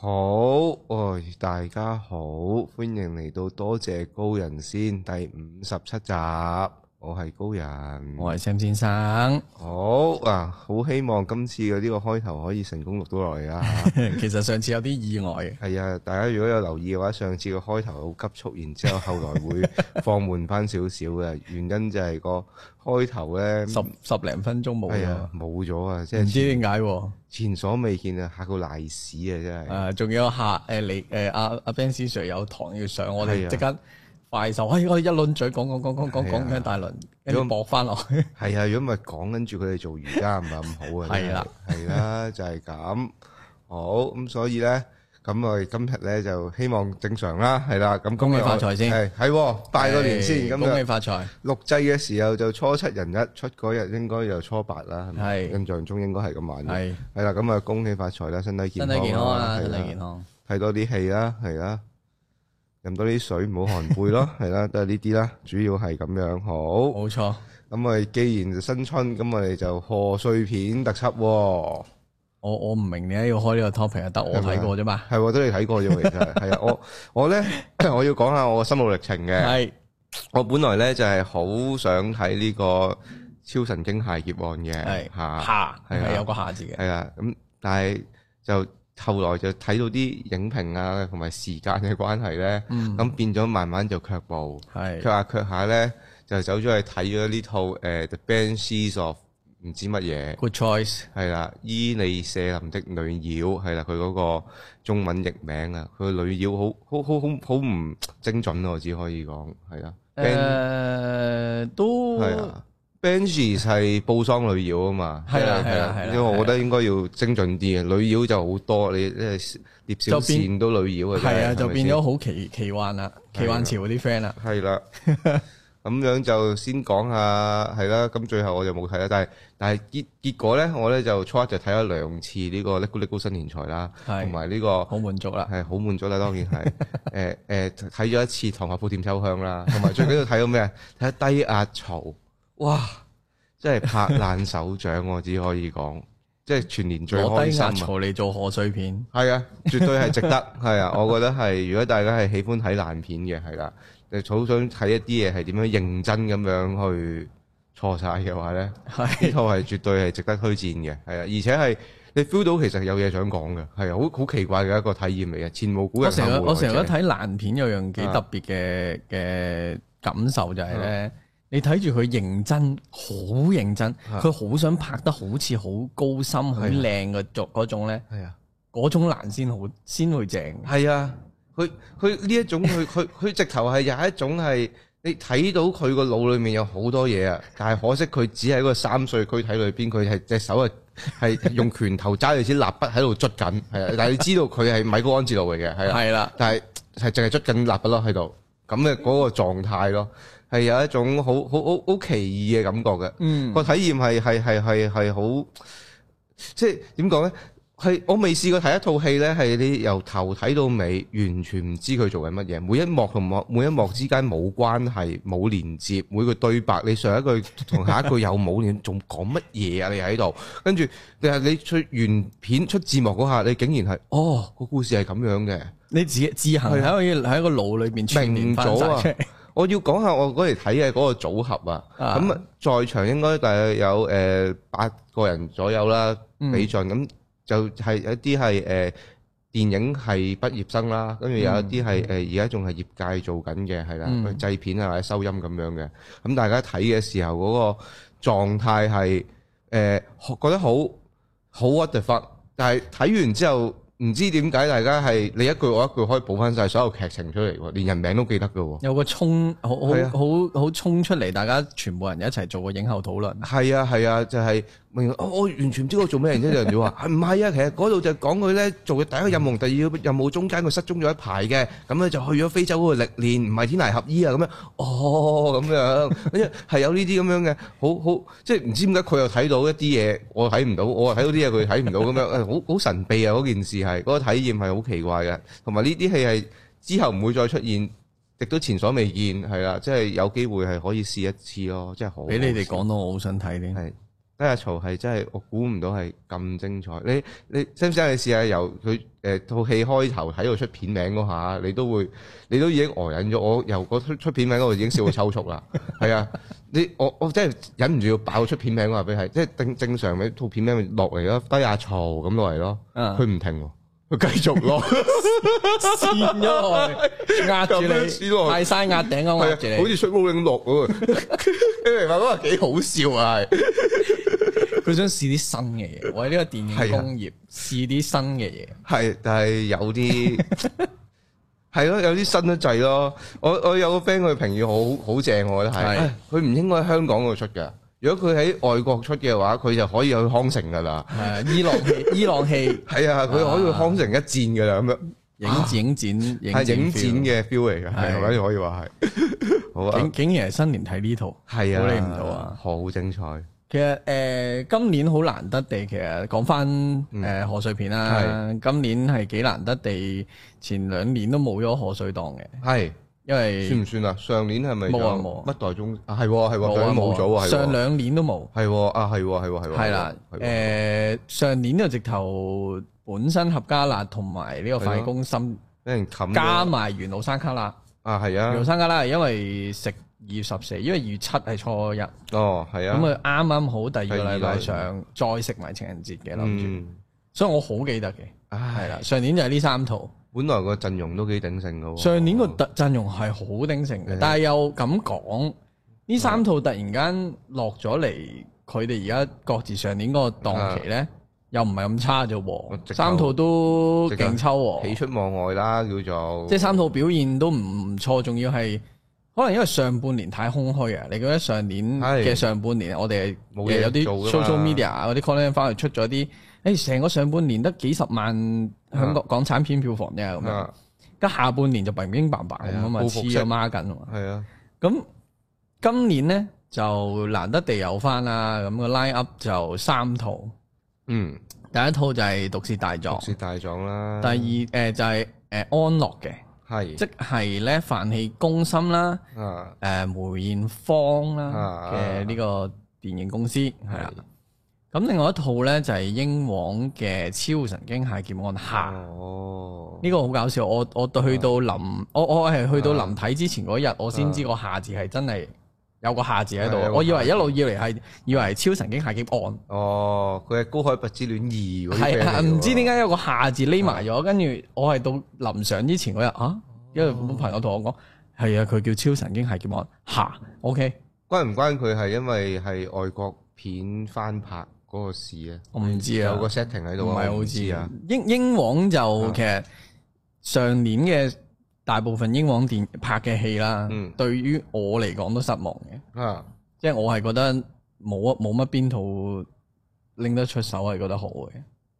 好、哎，大家好，歡迎嚟到多謝高人 Cine 第五十七集。我係高人，我係 Sam 先生，好啊，好希望今次嘅呢個開頭可以成功錄到落嚟啊。其實上次有啲意外，係啊，大家如果有留意嘅話，上次嘅開頭好急促，然之後後來會放緩翻少少嘅，原因就係個開頭咧十十零分鐘冇啊，冇咗啊，即係唔知點解，前所未見啊，吓到瀨屎啊，真係啊，仲、呃、有下。誒，李誒阿阿 Ben Sir 有堂要上，我哋即刻。notre life. 快手，哎，我哋一輪嘴講講講講講講咁大輪，要搏翻落去。係啊，如果唔係講緊住佢哋做瑜伽唔係咁好啊。係啦，係啦，就係咁。好，咁所以咧，咁我哋今日咧就希望正常啦，係啦。咁恭喜發財先，係，係拜個年先。恭喜發財。六祭嘅時候就初七人一出嗰日，應該就初八啦。係咪？印象中應該係咁晚。係係啦，咁啊恭喜發財啦，身體健康啊，身體健康，睇多啲戲啦，係啦。飲多啲水，唔好寒背咯，係啦，都係呢啲啦，主要係咁樣，好。冇錯。咁我哋，既然新春，咁我哋就賀歲片特輯。我我唔明你啊要開呢個 topic 又得，我睇過啫嘛。係，都你睇過啫，其實係啊。我我咧，我要講下我嘅心路歷程嘅。係。我本來咧就係好想睇呢個超神經械劫案嘅。係。吓。係係有個下字嘅。係啊。咁，但係就。後來就睇到啲影評啊，同埋時間嘅關係咧，咁、嗯、變咗慢慢就卻步。係是卻下卻下咧，就走咗去睇咗呢套誒、uh, The b a n s e e s of 唔知乜嘢。Good choice。係啦，《伊利舍林的女妖》係啦，佢嗰個中文譯名啊，佢女妖好好好好好唔精準，咯，只可以講係啦。誒、uh, 的都係啊。Benji 係布桑女妖啊嘛，係啊係啊，因為我覺得應該要精進啲啊，女妖就好多，你即係連少線都女妖啊，係啊，就變咗好奇奇幻啦，奇幻潮嗰啲 friend 啦，係啦，咁樣就先講下係啦，咁最後我就冇睇啦，但係但係結結果咧，我咧就初一就睇咗兩次呢個《l 哥叻 o 新年財》啦，同埋呢個好滿足啦，係好滿足啦，當然係，誒誒睇咗一次《唐伯虎點秋香》啦，同埋最緊要睇到咩啊？睇低壓槽。哇！真係拍爛手掌，啊， 我只可以講，即係全年最開心啊！坐嚟做賀歲片，係啊， 絕對係值得，係啊，我覺得係。如果大家係喜歡睇爛片嘅，係啦，你、就、好、是、想睇一啲嘢係點樣認真咁樣去錯晒嘅話咧，呢套係絕對係值得推薦嘅，係啊，而且係你 feel 到其實有嘢想講嘅，係啊好好奇怪嘅一個體驗嚟嘅，前無古人。我成日我成日都睇爛片有，有樣幾特別嘅嘅感受就係咧。你睇住佢認真，好認真，佢好、啊、想拍得好似好高深、好靚嘅作嗰種咧，嗰、啊、種難先好，先會正。係啊，佢佢呢一種佢佢佢直頭係又係一種係你睇到佢個腦裏面有好多嘢 啊，但係可惜佢只喺嗰三歲軀體裏邊，佢係隻手係係用拳頭揸住支蠟筆喺度捽緊，係啊，但係你知道佢係米高安哲路嚟嘅，係啊，係啦、啊，但係係淨係捽緊蠟筆咯喺度，咁嘅嗰個狀態咯。係有一種好好好好奇異嘅感覺嘅、嗯，個體驗係係係係係好，即係點講咧？係我未試過睇一套戲咧，係你由頭睇到尾，完全唔知佢做緊乜嘢，每一幕同幕每一幕之間冇關係冇連接，每個對白你上一句同下一句又冇連，你仲講乜嘢啊？你喺度，跟住你係你出完片出字幕嗰下，你竟然係哦，個故事係咁樣嘅，你自己自行喺可以喺個腦裏邊串聯翻。我要講下我嚟睇嘅嗰個組合啊，咁在場應該大約有誒八個人左右啦，比盡咁、嗯、就係有一啲係誒電影系畢業生啦，跟住、嗯、有一啲係誒而家仲係業界做緊嘅係啦，嗯、製片啊或者收音咁樣嘅，咁大家睇嘅時候嗰個狀態係誒、呃、覺得好好 what the fuck，但係睇完之後。唔知點解大家係你一句我一句可以補翻晒所有劇情出嚟喎，連人名都記得嘅喎。有個衝，好、啊、好好好衝出嚟，大家全部人一齊做個影後討論。係啊係啊，就係、是、明、哦，我完全唔知佢做咩人啫，就話係唔係啊？其實嗰度就講佢咧做嘅第一個任務，嗯、第二個任務中間佢失蹤咗一排嘅，咁咧就去咗非洲嗰度歷練，唔係天蠍合衣啊咁樣。哦咁樣，係 有呢啲咁樣嘅，好好，即係唔知點解佢又睇到一啲嘢，我睇唔到，我睇到啲嘢佢睇唔到咁樣，好好 神秘啊嗰件事係。嗰、那個體驗係好奇怪嘅，同埋呢啲戲係之後唔會再出現，亦都前所未見，係啦，即、就、係、是、有機會係可以試一次咯，即係好。俾你哋講的到我好想睇咧。係低下嘈係真係我估唔到係咁精彩。你你使唔使你，知知你試下由佢誒套戲開頭喺度出片名嗰下，你都會你都已經呆、呃、忍咗。我由嗰出出片名嗰度已經笑到抽搐啦。 係啊，你我我真係忍唔住要爆出片名話俾係即係正正常嘅套片名落嚟咯，下低曹下嘈咁落嚟咯。佢唔、啊、停。佢繼續咯，掀咗 我壓住你，泰山壓頂咁壓住你，好似出《母永落喎。 你明白？明啊？幾好笑啊！佢 想試啲新嘅嘢，我喺呢個電影工業試啲的新嘅嘢。係，但係有啲係咯，有啲新得滯咯。我我有個 friend 佢評語好好正，我覺得係，佢唔的應該喺香港度出嘅。如果佢喺外國出嘅話，佢就可以去康城噶啦。係啊，伊朗戲，伊朗戲，係啊，佢可以去康城一戰噶啦咁樣。影展，影展，影展嘅 feel 嚟噶，反而可以話係。好啊，竟竟然係新年睇呢套，係啊，估你唔到啊，好精彩。其實誒，今年好難得地，其實講翻誒賀歲片啦，今年係幾難得地，前兩年都冇咗賀歲檔嘅。係。因為算唔算啊？上年係咪冇啊，冇乜代宗啊？係，係佢冇咗啊？上兩年都冇，係啊，係係係啦，誒，上年呢就直頭本身闔家辣，同埋呢個飯戲攻心俾人冚，加埋緣路山旮旯啊，係啊，緣路山旮旯，係因為食二月十四，因為二月七係初一，哦，係啊，咁啊，啱啱好第二個禮拜上再食埋情人節嘅，諗住，所以我好記得嘅，係啦，上年就係呢三套。本來個陣容都幾鼎盛嘅喎，上年個特陣容係好鼎盛嘅，嗯、但係又咁講，呢三套突然間落咗嚟，佢哋而家各自上年個檔期咧，又唔係咁差啫喎，三套都勁抽，喜出望外啦叫做。即係三套表現都唔唔錯，仲要係可能因為上半年太空虛啊！你覺得上年嘅上半年我哋係冇嘢做嘅，social media 嗰啲 content 翻嚟出咗啲，誒、哎、成個上半年得幾十萬。香港港產片票房啫，咁，咁下半年就明明白白咁啊嘛，黐咗孖筋啊嘛，係啊，咁今年咧就難得地有翻啦，咁個 line up 就三套，嗯，第一套就係《毒舌大狀》，毒舌大狀啦，第二誒就係，誒安樂嘅，係，即係咧《飯戲攻心》啦，誒梅豔芳啦嘅呢個電影公司係啊。咁另外一套呢，就係、是、英皇嘅《超神經械劫案下》，呢、哦、個好搞笑。我我去到臨的，我我係去到臨睇之前嗰日，我先知個下字係真係有個下字喺度。的我以為一路以嚟係以為《超神經械劫案》。哦，佢係《高海拔之戀二》。係的啊，唔知點解有個下字匿埋咗，跟住我係到臨上之前嗰日啊，因為朋友同我講係啊，佢叫《超神經械劫案下》。O、okay、K，關唔關佢係因為係外國片翻拍？嗰個事啊，我唔知啊，有個 setting 喺度唔係好知，知啊。英英皇就其實上年嘅大部分英皇電、啊、拍嘅戲啦，嗯、對於我嚟講都失望嘅。啊，即係我係覺得冇冇乜邊套拎得出手，係覺得好嘅。誒、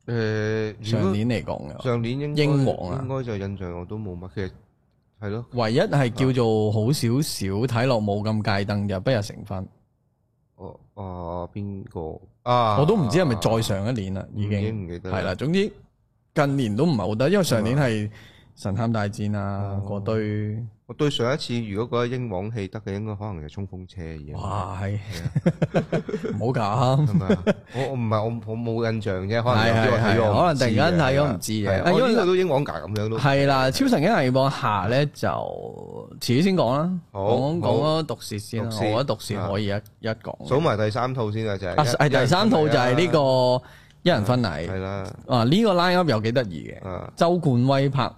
呃，上年嚟講嘅，上年英英皇啊，應該就印象我都冇乜。嘅。其實係咯，唯一係叫做好少少睇落冇咁戒燈就不日成婚。哦、呃，啊，邊個啊？我都唔知係咪再上一年啦，啊、已經唔記得係啦。總之近年都唔係好得，因為上年係神探大戰啊，嗰、嗯、堆。我對上一次如果覺得英皇戲得嘅，應該可能係衝鋒車嘅。哇，係，唔好咁。我我唔係我我冇印象啫，可能突然間睇咗唔知嘅。因呢度都英皇噶咁樣都。係啦，超神經械劫案下咧就遲啲先講啦。好，講啊，毒舌先，我覺得毒舌可以一一講。數埋第三套先啊，就係第三套就係呢個一人婚禮。係啦，啊呢個 line up 又幾得意嘅，周冠威拍。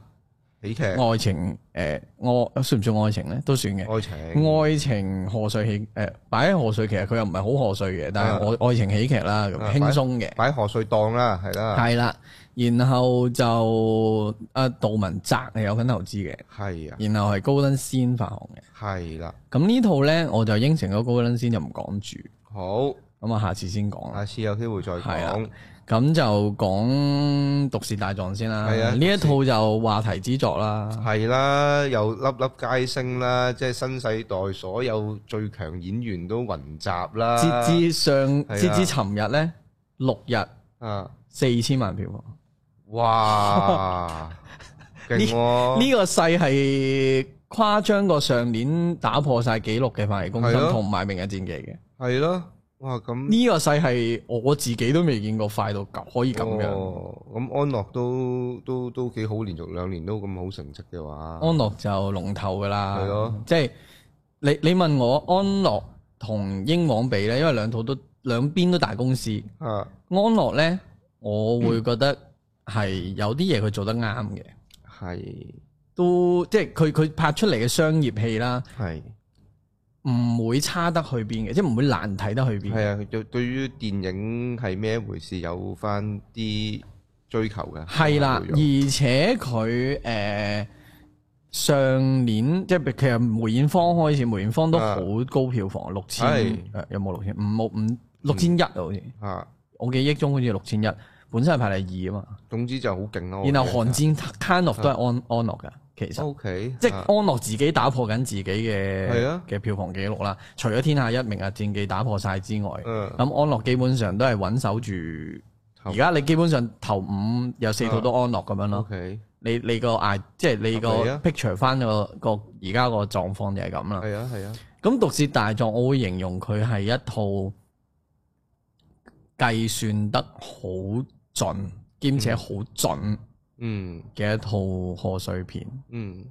喜劇愛情誒、呃，我算唔算愛情咧？都算嘅情、呃。愛情愛情賀歲喜誒，擺喺賀歲其實佢又唔係好賀歲嘅，但係我愛情喜劇啦，咁輕鬆嘅。擺賀歲檔啦，係啦、啊。係啦，然後就阿杜汶澤係有份投資嘅。係啊。的然後係高登先發行嘅。係啦的。咁呢套咧，我就應承咗高登先，就唔講住。好。咁啊，下次先講啦。下次有機會再講。.咁就講《毒舌大狀》先啦，呢的一套就話題之作啦，係啦，又粒粒皆星啦，即係新世代所有最強演員都雲集啦。截至上，截至尋日咧，六日啊，四千萬票房，哇，勁喎、 這個勢係誇張過上年打破晒紀錄嘅《飯氣攻心》同埋《明日戰記》嘅，係咯。哇！咁呢個世係我自己都未見過快到咁，可以咁樣。咁、哦、安樂都都都幾好，連續兩年都咁好成績嘅話，安樂就龍頭噶啦。係咯、哦，即係、就是、你你問我安樂同英皇比咧，因為兩套都兩邊都大公司。啊，安樂咧，我會覺得係有啲嘢佢做得啱嘅，係、嗯、都即係佢佢拍出嚟嘅商業戲啦，係。唔會差得去邊嘅，即係唔會難睇得去邊。係啊，對對於電影係咩一回事有翻啲追求嘅。係啦，而且佢誒上年即係其實梅艷芳開始，梅艷芳都好高票房，六千有冇六千？唔冇唔六千一啊，好似啊，我記憶中好似六千一，本身係排第二啊嘛。總之就好勁咯。然後寒戰 Kind of 都係安安樂嘅。其實，即係安樂自己打破緊自己嘅嘅、uh, 票房記錄啦。除咗天下一名啊戰記打破晒之外，咁安樂基本上都係穩守住。而家你基本上頭五有四套都安樂咁、uh, 樣咯、okay,。你你個嗌，即係你個 picture 翻個個而家個狀況就係咁啦。係啊係啊。咁《毒舌大狀》，我會形容佢係一套計算得好準，兼且好準。嗯嘅一套賀歲片，嗯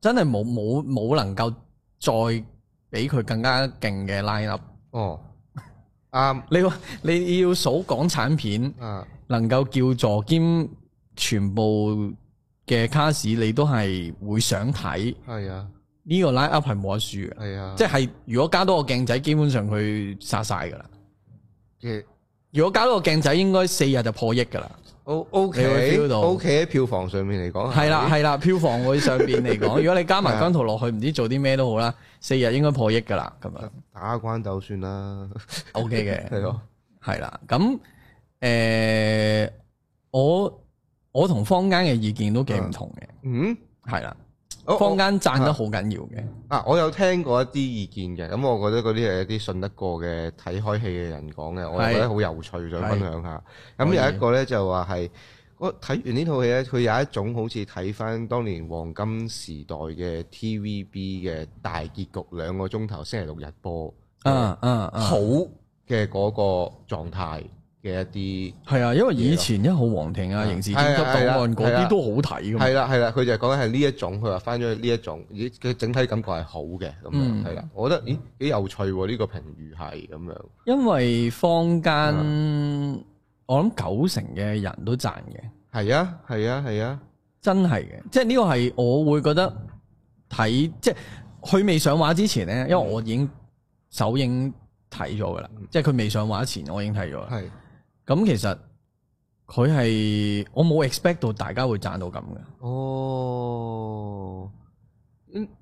真係冇冇冇能夠再俾佢更加勁嘅 line up 哦，啊、um, 你你要數港產片，啊、uh, 能夠叫座兼全部嘅卡士，你都係會想睇，係啊呢個 line up 係冇得輸嘅，係啊即係如果加多個鏡仔，基本上佢殺晒噶啦，啊、如果加多個鏡仔，應該四日就破億噶啦。O O K O K 喺票房上面嚟講，係啦，係啦，的票房會上面嚟講， 如果你加埋姜濤落去，唔知做啲咩都好啦，四日應該破億噶啦，咁啊打，打關就算啦。O K 嘅係咯，係啦 的，咁誒的、呃，我我同坊間嘅意見都幾唔同嘅，嗯，係啦。坊間讚得好緊要嘅，啊，我有聽過一啲意見嘅，咁我覺得嗰啲係一啲信得過嘅睇開戲嘅人講嘅，我又覺得好有趣，是想分享下。咁是有一個呢，是就話係我睇完呢套戲咧，佢有一種好似睇返當年黃金時代嘅 TVB 嘅大結局，兩個鐘頭，星期六日播，嗯嗯好嘅嗰個狀態。嘅一啲係啊，因為以前一號皇庭啊、刑事偵緝檔案嗰啲都好睇噶。係啦係啦，佢就講緊係呢一種，佢話翻咗去呢一種，佢整體感覺係好嘅咁樣。係啦、嗯，我覺得咦幾、欸、有趣喎？呢、這個評語係咁樣。因為坊間、嗯、我諗九成嘅人都讚嘅。係啊係啊係啊，真係嘅。即係呢個係我會覺得睇，即係佢未上畫之前咧，因為我已經首映睇咗噶啦。即係佢未上畫前我、嗯，我已經睇咗。係。咁其實佢係我冇 expect 到大家會賺到咁嘅。哦，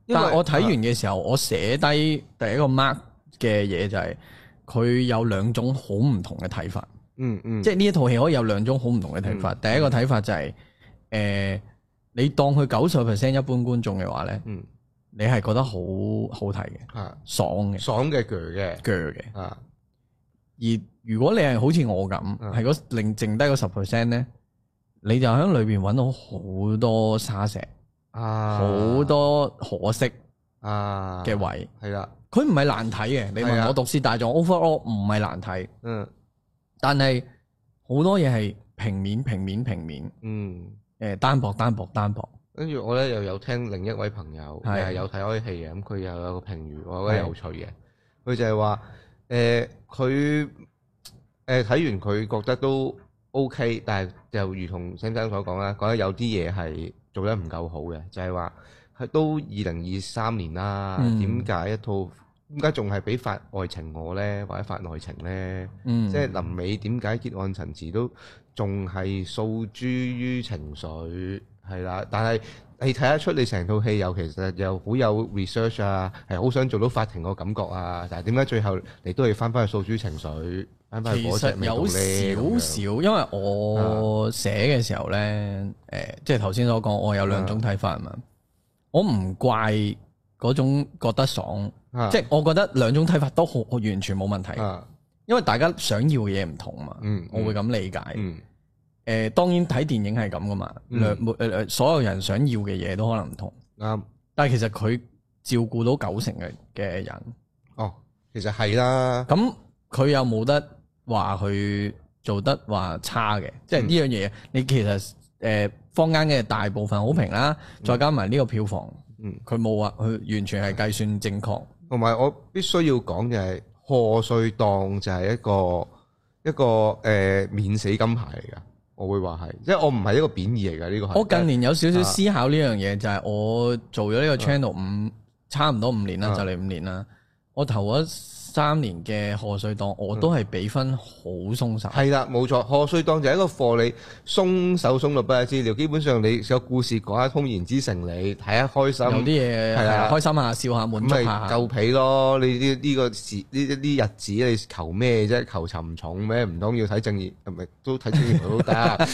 但係我睇完嘅時候，我寫低第一個 mark 嘅嘢就係佢有兩種好唔同嘅睇法。嗯嗯，即係呢一套戲可以有兩種好唔同嘅睇法。第一個睇法就係，誒，你當佢九十 percent 一般觀眾嘅話咧，你係覺得好好睇嘅，啊，爽嘅，爽嘅鋸嘅，鋸嘅，啊，而。如果你係好似我咁，係個剩淨低個十 percent 咧，你就喺裏邊揾到好多沙石啊，好多可惜啊嘅位，係啦，佢唔係難睇嘅。你問我毒舌大狀 overall 唔係難睇，嗯，但係好多嘢係平面、平面、平面，嗯，誒單薄、單薄、單薄。跟住我咧又有聽另一位朋友係有睇開戲嘅，咁佢又有個評語，我覺得有趣嘅，佢就係話誒佢。誒睇、呃、完佢覺得都 O、OK, K，但係就如同先生所講啦，覺得有啲嘢係做得唔夠好嘅，嗯、就係話係都二零二三年啦，點解一套點解仲係俾法外情我呢？或者法內情呢？即係臨尾點解結案陳詞都仲係訴諸於情緒係啦？但係你睇得出你成套戲又其實又好有 research 啊，係好想做到法庭個感覺啊，但係點解最後你都係翻返去訴諸情緒？其實有少少，因為我寫嘅時候呢，誒，即係頭先所講，我有兩種睇法啊嘛。我唔怪嗰種覺得爽，啊、即係我覺得兩種睇法都好，完全冇問題。啊、因為大家想要嘅嘢唔同啊嘛。嗯嗯、我會咁理解。嗯。誒、啊，當然睇電影係咁噶嘛。兩誒、嗯，所有人想要嘅嘢都可能唔同。啱、嗯。但係其實佢照顧到九成嘅嘅人。哦、嗯，其實係啦、啊。咁佢又冇得。話佢做得話差嘅，即係呢樣嘢，你其實誒坊間嘅大部分好評啦，再加埋呢個票房，嗯，佢冇話，佢完全係計算正確。同、嗯、埋我必須要講嘅係賀歲檔就係一個一個誒、呃、免死金牌嚟噶，我會話係，即、就、係、是、我唔係一個貶義嚟噶呢個。我近年有少少思考呢樣嘢，就係、是、我做咗呢個 channel 五、嗯嗯、差唔多五年啦，就嚟五年啦、嗯嗯，我投咗。三年嘅賀歲檔，我都係俾分好鬆手。係啦，冇錯，賀歲檔就係一個貨，你鬆手鬆到不雅資料，基本上你有故事講下通，言之成理，你睇下開心。啲嘢係啊，開心下，笑下，滿足下。夠皮咯！你呢呢個時呢呢日子你求咩啫？求沉重咩？唔通要睇正義？唔咪都睇正義都得，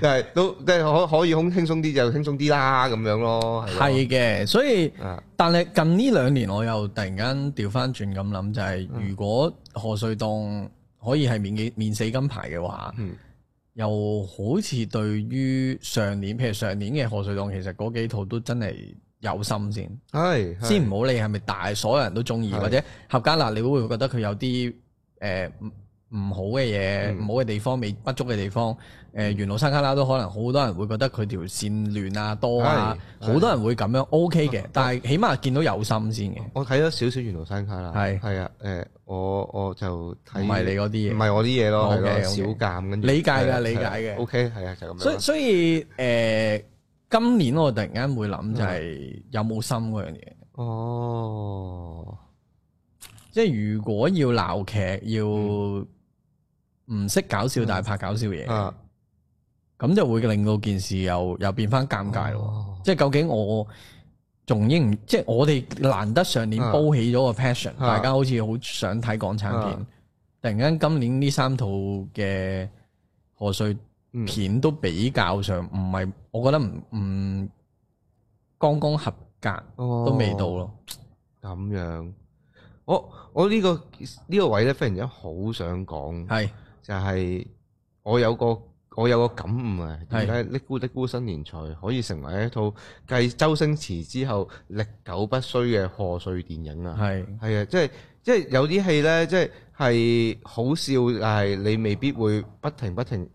就係都即係可可以好輕鬆啲就輕鬆啲啦咁樣咯。係嘅，所以。但係近呢兩年，我又突然間調翻轉咁諗，就係、是、如果賀歲檔可以係免免死金牌嘅話，嗯、又好似對於上年，譬如上年嘅賀歲檔，其實嗰幾套都真係有心先，先唔好理係咪大所有人都鍾意。是或者合家樂你會唔會覺得佢有啲誒？呃唔好嘅嘢，唔好嘅地方，未不足嘅地方，誒，元老山卡拉都可能好多人會覺得佢條線亂啊，多啊，好多人會咁樣。OK 嘅，但係起碼見到有心先嘅。我睇咗少少元老山卡拉，係係啊，誒，我我就睇唔係你嗰啲嘢，唔係我啲嘢咯，係咯，理解嘅理解嘅。OK，係啊，就咁。所所以誒，今年我突然間會諗就係有冇心嗰樣嘢。哦，即係如果要鬧劇要。唔識搞笑，但係拍搞笑嘢，咁、啊、就會令到件事又又變翻尷尬咯。哦、即係究竟我仲應唔，即係我哋難得上年煲起咗個 passion，啊、大家好似好想睇港產片。啊、突然間今年呢三套嘅賀歲片都比較上唔係，嗯、我覺得唔唔剛剛合格、哦、都未到咯。咁樣，我我呢、呢個呢、呢個位咧，忽然間好想講係。就係我有個我有個感悟啊，點解《嚦咕嚦咕新年財》可以成為一套繼周星馳之後歷久不衰嘅賀歲電影啊？係係啊，即係即係有啲戲咧，即係係好笑，但係你未必會不停不停，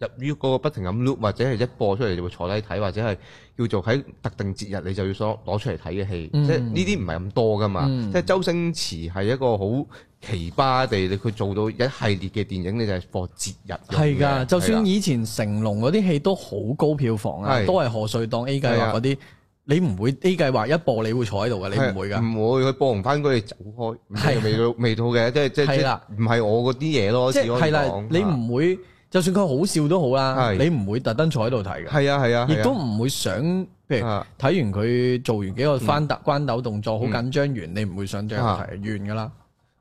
入於嗰個不停咁碌，或者係一播出嚟就會坐低睇，或者係叫做喺特定節日你就要想攞出嚟睇嘅戲，即係呢啲唔係咁多㗎嘛。即係周星馳係一個好奇葩地，你佢做到一系列嘅電影，你就係播節日。係㗎，就算以前成龍嗰啲戲都好高票房啊，都係賀歲檔 A 計劃嗰啲，你唔會 A 計劃一播，你會坐喺度嘅，你唔會㗎。唔會，佢播完翻佢走開，未未到嘅，即係即係唔係我嗰啲嘢咯？即係係啦，你唔會。就算佢好笑都好啦，是你唔會特登坐喺度睇嘅。係啊係啊，亦都唔會想，譬如睇完佢做完幾個翻特關斗動作，好緊張完，嗯、你唔會想張台完噶啦，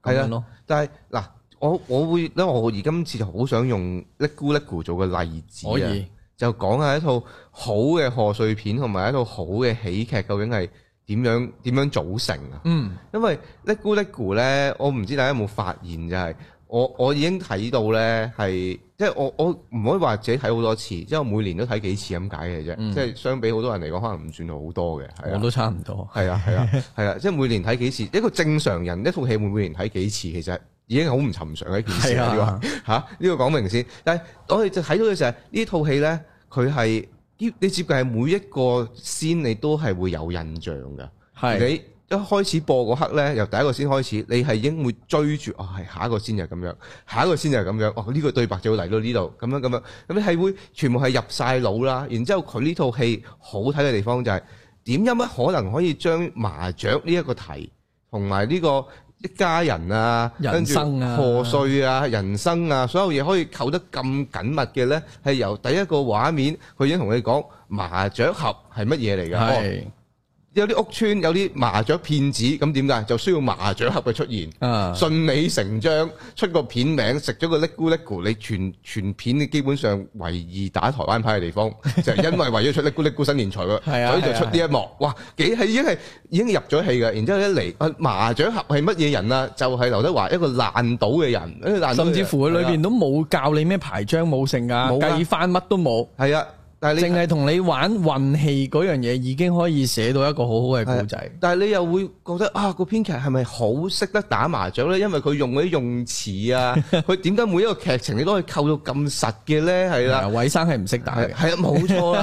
係啊，啊，但係嗱，我我會咧，我而今次就好想用《叻姑叻姑》做個例子以就講下一套好嘅賀歲片，同埋一套好嘅喜劇，究竟係點樣點樣組成啊？嗯，因為《叻姑叻姑》咧，我唔知大家有冇發現就係。我我已經睇到咧，係即係我我唔可以話自己睇好多次，即係我每年都睇幾次咁解嘅啫。嗯、即係相比好多人嚟講，可能唔算好多嘅。我都差唔多。係啊係啊係啊，即係每年睇幾次，一個正常人一套戲，每年睇幾次其實已經好唔尋常嘅一件事啦。嚇呢、啊 啊呢個講明先。但係我哋就睇到嘅就係呢套戲咧，佢係接你接近係每一個先，你都係會有印象嘅。係你是。一開始播嗰刻呢，由第一個先開始，你係已經會追住，哦係下一個先就咁樣，下一個先就咁樣，哦呢個對白就會嚟到呢度，咁樣咁樣，咁你係會全部係入晒腦啦。然之後佢呢套戲好睇嘅地方就係點有乜可能可以將麻雀呢一個題同埋呢個一家人啊，人生啊，破碎啊，人生啊，所有嘢可以扣得咁緊密嘅呢？係由第一個畫面佢已經同你講麻雀盒係乜嘢嚟嘅。有啲屋村有啲麻雀騙子，咁點解就需要麻雀盒嘅出現？啊、順理成章出個片名，食咗個叻咕叻咕，你全全片基本上唯二打台灣牌嘅地方， 就係因為為咗出叻咕叻咕叻咕新年財嘅， 所以就出呢一幕。 哇！幾係已經係已經入咗戲嘅，然之後一嚟麻雀盒係乜嘢人啊？就係、係、劉德華一個爛賭嘅人，人甚至乎佢裏邊都冇教你咩牌張冇剩噶，計翻乜都冇。係啊。 但係淨係同你玩運氣嗰樣嘢，已經可以寫到一個好好嘅故仔。但係你又會覺得啊，個編劇係咪好識得打麻雀咧？因為佢用嗰啲用詞啊，佢點解每一個劇情你都可以扣到咁實嘅咧？係啦，偉生係唔識打嘅。係啊，冇錯啦，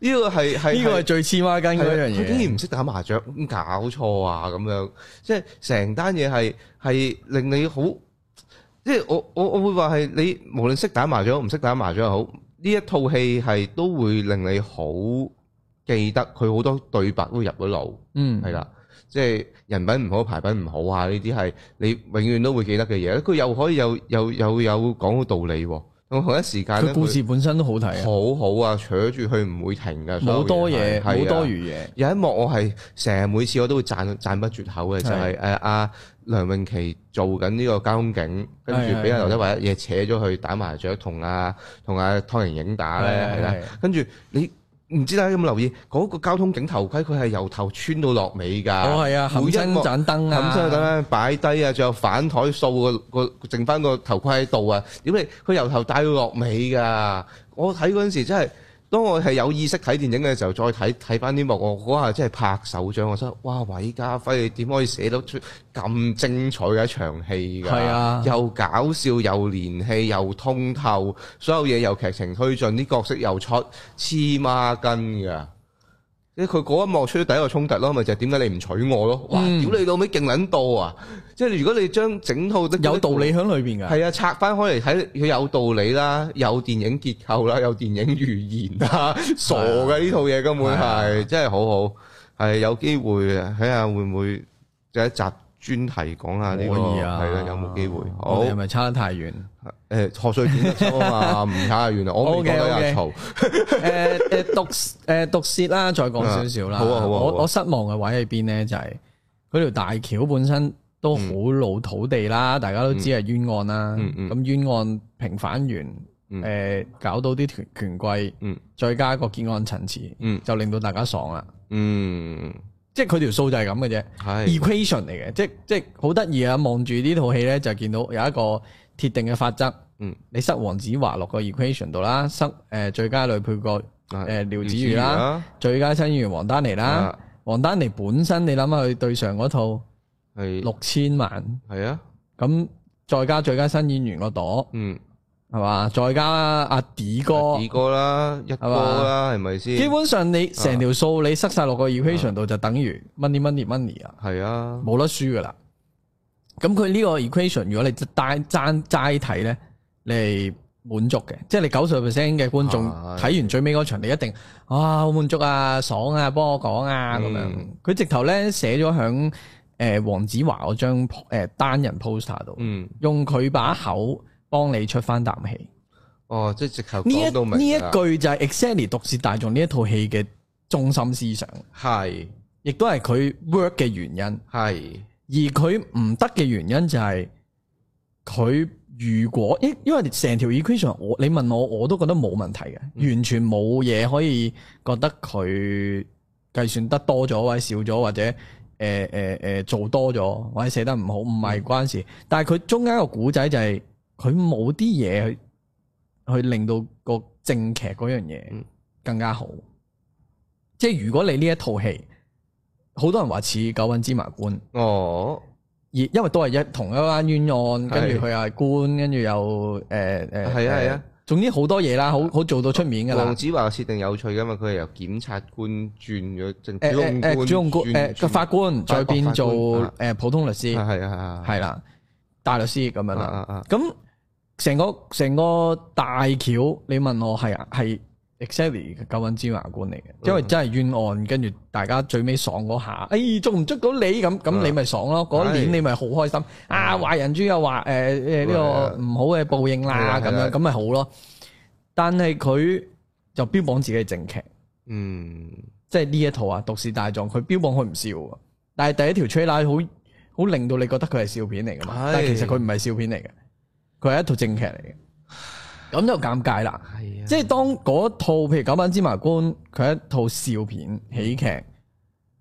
呢個係呢個係最黐孖筋嗰樣嘢。佢竟然唔識打麻雀，咁搞錯啊？咁樣即係成單嘢係係令你好，即係我我我，我會話係你，無論識打麻雀唔識打麻雀好。呢一套戲係都會令你好記得佢好多對白都入咗腦，嗯，係啦，即係人品唔好、牌品唔好啊，呢啲係你永遠都會記得嘅嘢。佢又可以有有有有講個道理喎，啊。我同一時間，佢故事本身都好睇，啊，好好啊，扯住佢唔會停嘅，好多嘢，好的多餘嘢。有一幕我係成日每次我都會讚讚不絕口嘅，的就係誒阿梁詠琪做緊呢個交通警，跟住俾阿劉德華一嘢扯咗去打麻雀，同阿同阿湯盈盈打咧，係啦的，跟住的你。唔知大家有冇留意嗰個交通警頭盔？佢係由頭穿到落尾㗎。哦，係啊，冚親一盞燈啊，冚親咁啦，擺低啊，仲有反台掃個個剩翻個頭盔喺度啊！點解佢由頭戴到落尾㗎？我睇嗰陣時真係～當我係有意識睇電影嘅時候，再睇睇翻啲幕，我嗰下真係拍手掌，我心：哇！韋家輝你點可以寫到出咁精彩嘅一場戲㗎、啊？啊、又搞笑又連戲又通透，所有嘢由劇情推進，啲角色又出，黐孖筋㗎！佢嗰一幕出咗第一個衝突咯，咪就係點解你唔娶我咯？哇！屌你老味勁撚到啊！即係如果你將整套有道理響裏邊噶，係啊，拆翻開嚟睇，佢有道理啦，有電影結構啦，有電影語言啊，傻嘅呢套嘢根本係真係好好，係有機會啊睇下會唔會有一集。專題講下呢個係啦，有冇機會？我哋係咪差得太遠？誒，學術點啊嘛，唔差太遠啊！我唔覺得有嘈。誒誒，毒誒毒舌啦，再講少少啦。好啊好啊！我我失望嘅位喺邊咧？就係嗰條大橋本身都好老土地啦，大家都知係冤案啦。咁冤案平反完，誒搞到啲權貴，再加個建案層次，就令到大家爽啦。嗯。即係佢條數就係咁嘅啫，equation 嚟嘅，即係即係好得意啊！望住呢套戲咧，就見到有一個鐵定嘅法則。嗯，你塞黃子華落個 equation 度啦，塞誒、呃、最佳女配角誒、呃、廖子妤啦，啊、最佳新演員王丹妮啦，啊啊、王丹妮本身你諗下佢對上嗰套係六千萬，係啊，咁再加最佳新演員個朵，嗯。係嘛？再加阿迪哥阿，D 哥啦，一哥啦，係咪先？吧基本上你成條數你塞晒落個 equation 度就等於 money money money 啊！係啊，冇得輸噶啦。咁佢呢個 equation，如果你單爭齋睇咧，你滿足嘅，即係你九十 percent 嘅觀眾睇完最尾嗰場，啊、你一定啊好滿、啊、足啊爽啊，幫我講啊咁、嗯、樣。佢直頭咧寫咗響誒黃子華嗰張誒單人 poster 度，嗯、用佢把口。幫你出翻啖氣，哦，即係直頭講到明。呢一句就係《毒舌大狀》呢一套戲嘅中心思想，係是，亦都係佢 work 嘅原因，係是。而佢唔得嘅原因就係，佢如果因因為成條 equation，我你問我我都覺得冇問題嘅，完全冇嘢可以覺得佢計算得多咗或者少咗或者誒誒誒做多咗或者寫得唔好，唔係關事，嗯，就係。但係佢中間個古仔就係。佢冇啲嘢去去令到個正劇嗰樣嘢更加好，即係如果你呢一套戲，好多人話似《九品芝麻官》哦，而因為都係一同一間冤案，跟住佢係官，跟住又，誒、呃、誒，係啊係啊，總之好多嘢啦，好好做到出面噶啦。黃子華設定有趣噶嘛，佢係由檢察官轉咗正主控官，誒法官再變做誒普通律師，係啊係啊係啦，大律師咁樣啦，咁。成個成個大橋，你問我係係 exactly 嘅九品芝麻官嚟嘅，嗯、因為真係冤案，跟住大家最尾爽嗰下，哎捉唔捉到你咁，咁你咪爽咯，嗰、嗯、年你咪好開心。嗯、啊，壞人主又話誒誒呢個唔好嘅報應啦，咁、嗯嗯、樣咁咪好咯。但係佢就標榜自己係正劇，嗯，即係呢一套啊《毒舌大狀》，佢標榜佢唔笑，但係第一條 trailer 好好令到你覺得佢係笑片嚟噶嘛，但係其實佢唔係笑片嚟嘅。佢係一套正劇嚟嘅，咁就尷尬啦。係啊，即係當嗰套譬如《九品芝麻官》，佢係一套笑片喜劇，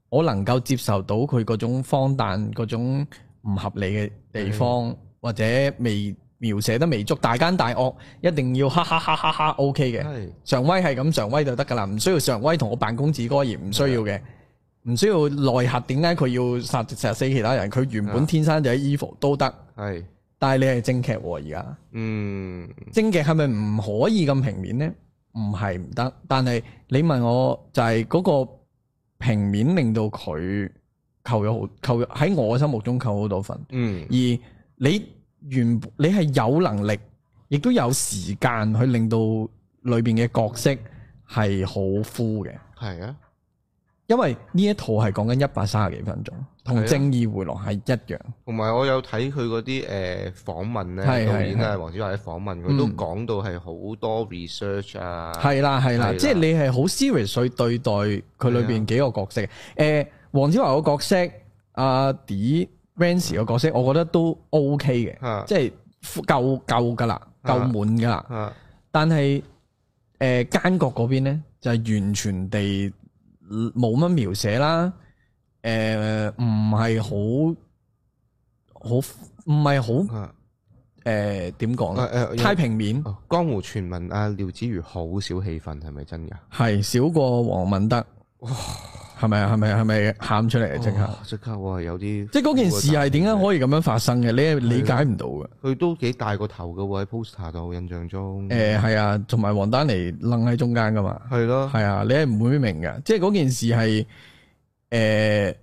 我能夠接受到佢嗰種荒誕、嗰種唔合理嘅地方，或者未描寫得未足大奸大惡，一定要哈哈哈哈哈 OK 嘅。常威係咁，常威就得噶啦，唔需要常威同我扮公子哥而唔需要嘅，唔需要內核。點解佢要殺殺死其他人？佢原本天生就係衣服都得。係。但係你係正劇喎，而家嗯，正劇係咪唔可以咁平面呢？唔係唔得，但係你問我就係、是、嗰個平面令到佢扣咗好扣喺我心目中扣好多分。嗯，而你原你係有能力，亦都有時間去令到裏邊嘅角色係好膚嘅，係啊，因為呢一套係講緊一百三十幾分鐘。同正義回廊係一樣，同埋我有睇佢嗰啲誒訪問咧，導演啊、黃子華嘅訪問，佢都講到係好多 research 啊，係啦，係啦，的即係你係好 serious 去對待佢裏邊幾個角色嘅。誒的，黃、呃、子華個角色，阿、啊、D Vance 個角色，我覺得都 OK 嘅，即係夠夠噶啦，夠滿噶啦。的的但係誒奸角嗰邊咧，就係完全地冇乜描寫啦。誒，唔係好，好唔係好，誒點講咧？太平面，江湖傳聞阿廖子妤好少戲份，係咪真噶？係少過黃文德，係咪啊？係咪啊？係咪喊出嚟，即刻，即刻我係有啲，即係嗰件事係點解可以咁樣發生嘅？你係理解唔到嘅。佢都幾大個頭噶喎，喺 poster 度印象中。誒，係啊，同埋黃丹妮，楞喺中間噶嘛？係咯，係啊，你係唔會明嘅，即係嗰件事係。誒、呃，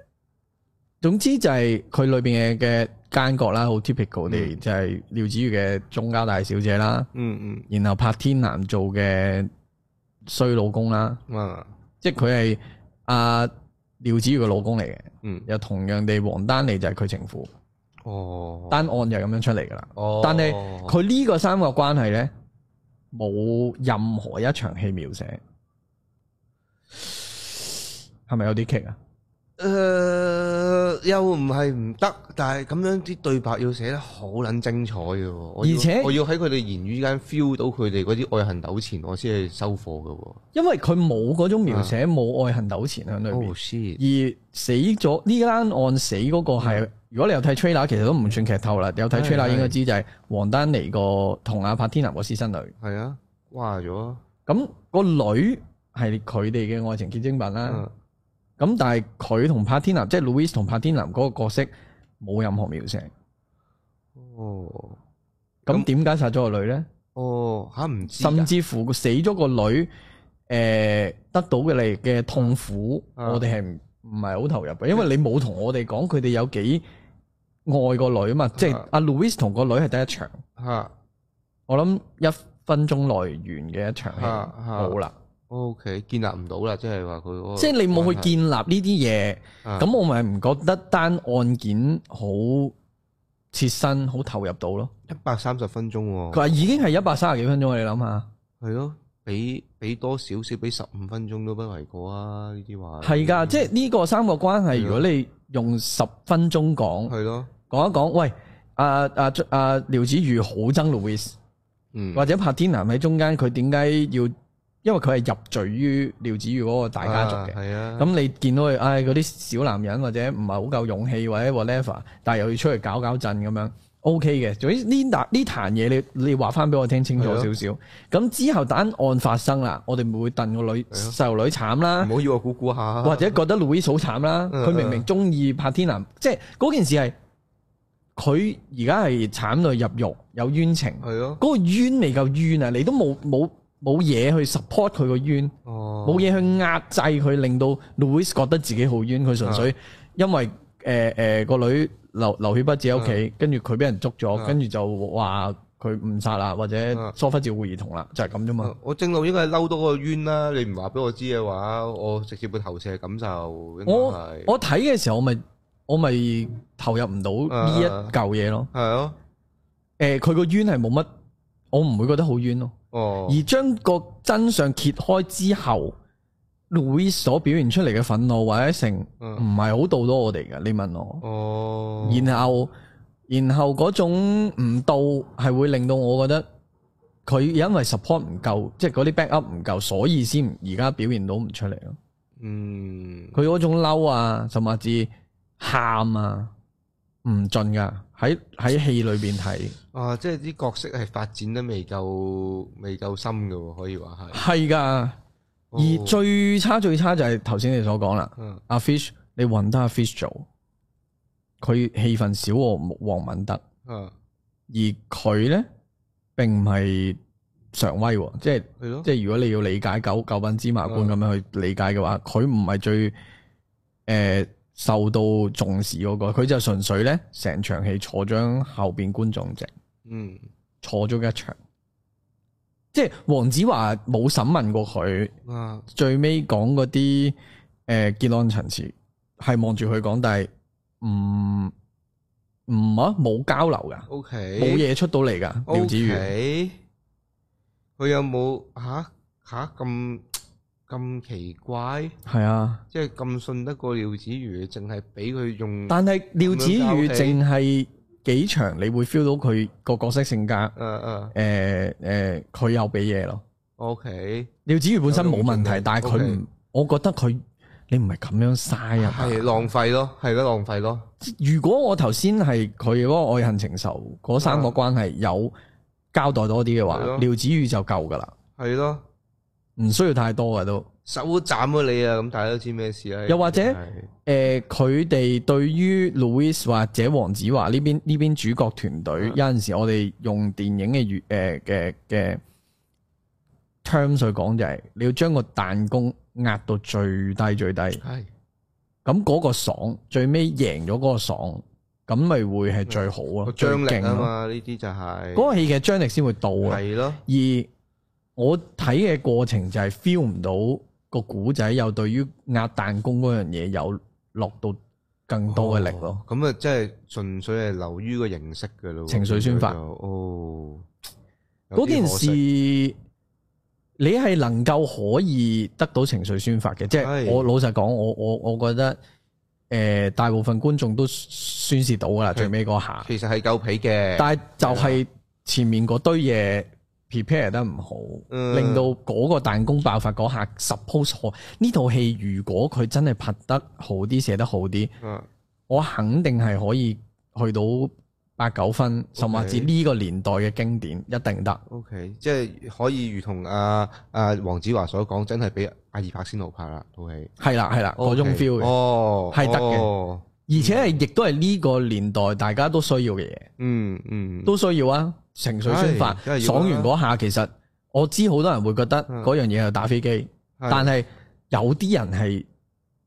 總之就係佢裏邊嘅嘅奸角啦，好 typical 啲，嗯、就係廖子瑜嘅中家大小姐啦，嗯，嗯嗯，然後拍天男做嘅衰老公啦，嗯，即係佢係阿廖子瑜嘅老公嚟嘅，嗯，又同樣地王丹妮就係佢情婦，哦，單案就係咁樣出嚟噶啦，哦，但係佢呢個三個關係咧，冇任何一場戲描寫，係咪，嗯、有啲劇啊？誒、呃，又唔係唔得，但係咁樣啲對白要寫得好捻精彩嘅，而且我要喺佢哋言語之間 feel 到佢哋嗰啲愛恨糾纏，我先係收貨嘅。因為佢冇嗰種描寫，冇、啊、愛恨糾纏喺裏邊，oh, shit. 而死咗呢單案死嗰個係，嗯、如果你有睇 trailer，其實都唔算劇透啦。你有睇 trailer 應該知就係王丹妮個同阿柏天男個私生女。係啊，瓜咗。咁個女係佢哋嘅愛情結晶品啦。啊咁但係佢同帕天林，即、就、係、是、Louis 同帕天林嗰個角色冇任何描寫。哦，咁點解殺咗個女咧？哦，吓，唔知、啊。甚至乎死咗個女，誒、呃、得到嘅你嘅痛苦，啊、我哋係唔唔係好投入嘅，因為你冇同我哋講佢哋有幾愛個女啊嘛，啊即係阿 Louis 同個女係得一場。嚇、啊，我諗一分鐘內完嘅一場戲冇啦。啊啊 O、okay, K，建立唔到啦，就是、係即係話佢即係你冇去建立呢啲嘢，咁、啊、我咪唔覺得單案件好切身，好投入到咯。一百三十分鐘、哦，佢話已經係一百三十幾分鐘，你諗下，係咯，俾俾多少少，俾十五分鐘都不為過啊！呢啲話係噶，的嗯、即係呢個三個關係，如果你用十分鐘講，係咯的，講一講，喂，阿阿阿廖子瑜好憎 Louis，嗯，或者柏天南喺中間，佢點解要？因為佢係入罪於廖子裕嗰個大家族嘅、啊，咁、啊、你見到佢，唉，嗰啲小男人或者唔係好夠勇氣，或者 whatever，但係又要出去搞搞震咁樣，OK 嘅。總之呢啖呢壇嘢，你你話翻俾我聽清楚少少。咁是、啊、之後單案發生啦，我哋唔會戥個女細路女慘啦？唔好以為估估下，或者覺得路 o 嫂 i 慘啦，佢是、啊、明明中意拍天男，即係嗰件事係佢而家係慘到入獄，有冤情。係咯，嗰個冤未夠冤啊！你都冇冇。主持 childhood thirty 冇嘢去 support 佢個冤，冇嘢去壓制佢，令到 Louis 覺得自己好冤。佢純粹因為誒誒個女流流血不止喺屋企，跟住佢俾人捉咗，跟住就話佢誤殺啦，或者疏忽照顧兒童啦，就係咁啫嘛。我正路應該係嬲到個冤啦，你唔話俾我知嘅話，我直接會投射感受。我我睇嘅時候，我咪我咪投入唔到呢一舊嘢咯。係咯，誒，佢個冤係冇乜，我唔會覺得好冤咯。哦，而將個真相揭開之後，Louis 所表現出嚟嘅憤怒或者成唔係好到到我哋嘅，你問我。哦，然後然後嗰種唔到係會令到我覺得佢因為 support 唔夠，即係嗰啲 back up 唔夠，所以先而家表現到唔出嚟咯。嗯，佢嗰種嬲啊，甚至喊啊。唔盡噶，喺喺戲裏邊睇，啊，即係啲角色係發展得未夠，未夠深嘅，可以話係。係噶的，哦、而最差最差就係頭先你所講啦，的阿 Fish，你混得阿 Fish 做，佢戲份少過黃文德，啊的，而佢咧並唔係常威，即係的即係如果你要理解九九品芝麻官咁樣去理解嘅話，佢唔係最誒。呃受到重視嗰，那個，佢就純粹咧成場戲坐咗喺後邊觀眾席，嗯，坐咗一場，即係黃子華冇審問過佢哇，呃，嗯，最尾講嗰啲誒結案陳詞，係望住佢講，但係唔唔啊冇交流噶，O K，冇嘢出到嚟噶，廖 Okay. 子瑜，佢、okay. 有冇啊啊咁？咁奇怪，係啊，即係咁信得過廖子妤，淨係俾佢用。但係廖子妤淨係幾長，你會 feel 到佢個角色性格。嗯嗯。誒誒，佢有俾嘢咯。OK。廖子妤本身冇問題，但係佢唔，我覺得佢你唔係咁樣嘥啊。係浪費咯，係咯，浪費咯。如果我頭先係佢嗰個愛恨情仇嗰三個關係有交代多啲嘅話，廖子妤就夠噶啦。係咯。唔需要太多噶都，手斬咗你啊！咁大家都知咩事啦。又或者，誒、嗯，佢哋，呃、對於 Louis 或者黃子華呢邊呢邊主角團隊，嗯，有陣時我哋用電影嘅粵誒、呃、嘅嘅 terms 去講，就係，就係你要將個彈弓壓到最低最低。係，嗯。咁嗰個爽，最尾贏咗嗰個爽，咁咪會係最好啊！張力啊嘛，呢啲就係，是，嗰個戲嘅張力先會到啊。係咯的，的而。我睇嘅過程就係 feel 唔到個古仔，有對於壓彈弓嗰樣嘢有落到更多嘅力咯。咁啊、哦，即係純粹係流於個形式噶咯。情緒宣發哦，嗰件事你係能夠可以得到情緒宣發嘅，即係是我老實講，我我我覺得誒、呃，大部分觀眾都宣泄到噶啦，其最尾嗰下。其實係夠皮嘅，但係就係前面嗰堆嘢。prepare 得唔好，呃、令到嗰個彈弓爆發嗰下，suppose 錯。呢套戲如果佢真係拍得好啲，寫得好啲，啊、我肯定係可以去到八九分、okay，甚至呢個年代嘅經典，一定得。OK，即係可以如同阿阿黃子華所講，真係畀阿二拍先好拍啦套戲。係啦係啦，嗰種 feel 哦，係得嘅。而且係，亦都係呢個年代大家都需要嘅嘢、嗯。嗯嗯，都需要啊。情緒宣發，要要啊、爽完嗰下，其實我知好多人會覺得嗰樣嘢係打飛機，嗯、但係有啲人係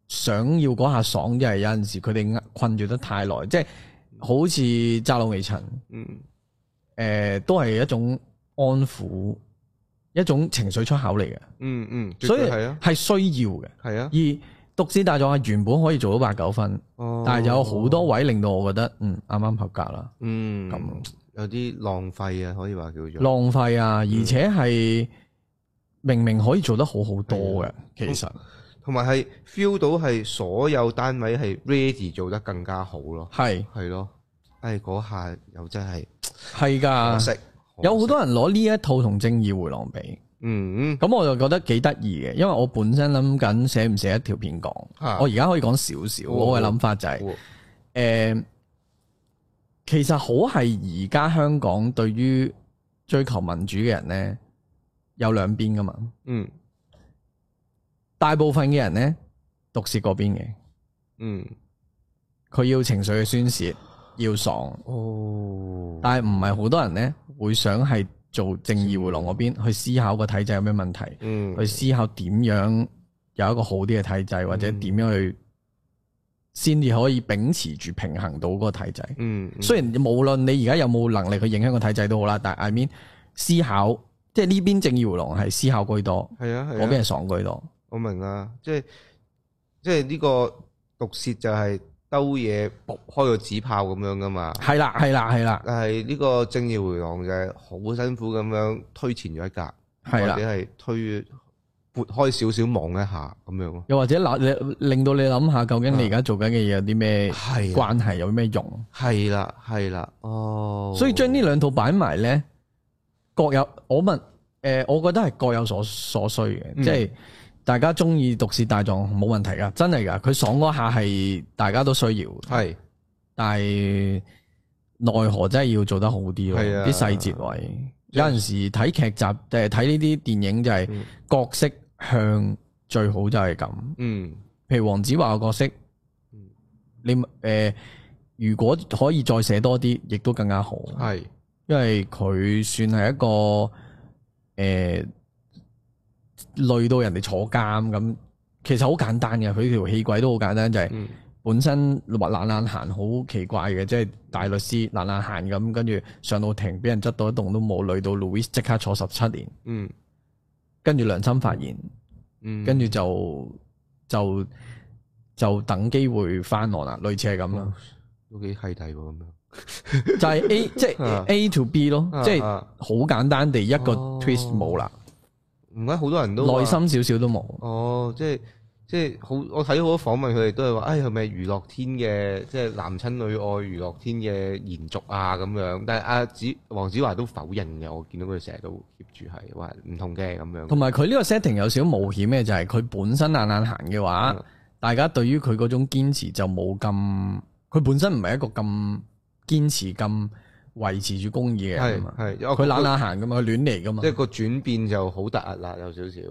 想要嗰下爽，因、就、係、是、有陣時佢哋困住得太耐，即、就、係、是、好似積落微塵。嗯，誒、呃，都係一種安撫，一種情緒出口嚟嘅、嗯。嗯嗯，所以係啊，係需要嘅。係啊，而。毒舌大狀係原本可以做到八九分，哦、但係有好多位令到我覺得，嗯，啱啱合格啦。嗯，咁樣有啲浪，浪費啊，可以話叫做浪費啊，而且係明明可以做得好好多嘅，嗯、其實同埋係 feel 到係所有單位係 ready 做得更加好是咯。係係咯，唉，嗰下又真係係㗎，的惜有好多人攞呢一套同正義回廊比。嗯，咁我就覺得幾得意嘅，因為我本身諗緊寫唔寫一條片講，啊哦、我而家可以講少少。我嘅諗法就係、是，誒、哦哦呃，其實好係而家香港對於追求民主嘅人咧，有兩邊噶嘛。嗯，大部分嘅人咧，毒舌嗰邊嘅，嗯，佢要情緒嘅宣洩，要爽。哦，但係唔係好多人咧會想係。做正義迴廊嗰邊，去思考個體制有咩問題，嗯、去思考點樣有一個好啲嘅體制，嗯、或者點樣去先至可以秉持住平衡到嗰個體制。嗯，嗯雖然無論你而家有冇能力去影響個體制都好啦，但係 I mean 思考，即係呢邊正義迴廊係思考居多，係啊，嗰、啊、邊係爽居多。我明啊，即係即係呢個毒舌就係、是。兜嘢撥開個紙炮咁樣噶嘛？係啦，係啦，係啦。但係呢個正義回廊就係好辛苦咁樣推前咗一格，係或者係推撥開少少望一下咁樣咯。又或者令令到你諗下，究竟你而家做緊嘅嘢有啲咩關係，係有咩用？係啦，係啦。哦，所以將呢兩套擺埋咧，各有我問誒，呃，我覺得係各有所所需嘅，嗯、即係。大家中意毒舌大狀冇問題噶，真係噶，佢爽嗰下係大家都需要。係是，但係奈何真係要做得好啲咯。係啊的，啲細節位，的有陣時睇劇集，誒睇呢啲電影就係、是嗯、角色向最好就係咁。嗯，譬如黃子華嘅角色，嗯、你誒、呃、如果可以再寫多啲，亦都更加好。係的，是因為佢算係一個誒。呃呃累到人哋坐監咁，其實好簡單嘅，佢條氣鬼都好簡單，就係、是、本身話懶懶閒，好奇怪嘅，即係、嗯、大律師懶懶閒咁，跟住上到庭俾人窒到一棟都冇，累到 Louis 即刻坐十七年。嗯，跟住良心發現，嗯，跟住就就就等機會翻案啦，類似係咁咯，都幾契弟喎咁樣。就係是 A 即係 A to B 咯，啊、即係好簡單地一個 twist 冇啦、哦。哦。唔係好多人都內心少少都冇哦，即係即係好，我睇好多訪問佢哋都係話，唉、哎，係咪娛樂天嘅，即係男親女愛娛樂天嘅延續啊咁樣。但係阿、啊、子黃子華都否認嘅，我見到佢成日都貼住係話唔同嘅咁樣。同埋佢呢個 setting 有少少冒險嘅，就係、是、佢本身硬硬行嘅話，嗯、大家對於佢嗰種堅持就冇咁，佢本身唔係一個咁堅持咁。維持住公義嘅係係佢懶懶閒㗎嘛，佢亂嚟㗎嘛。即係個轉變就好突兀啦，有少少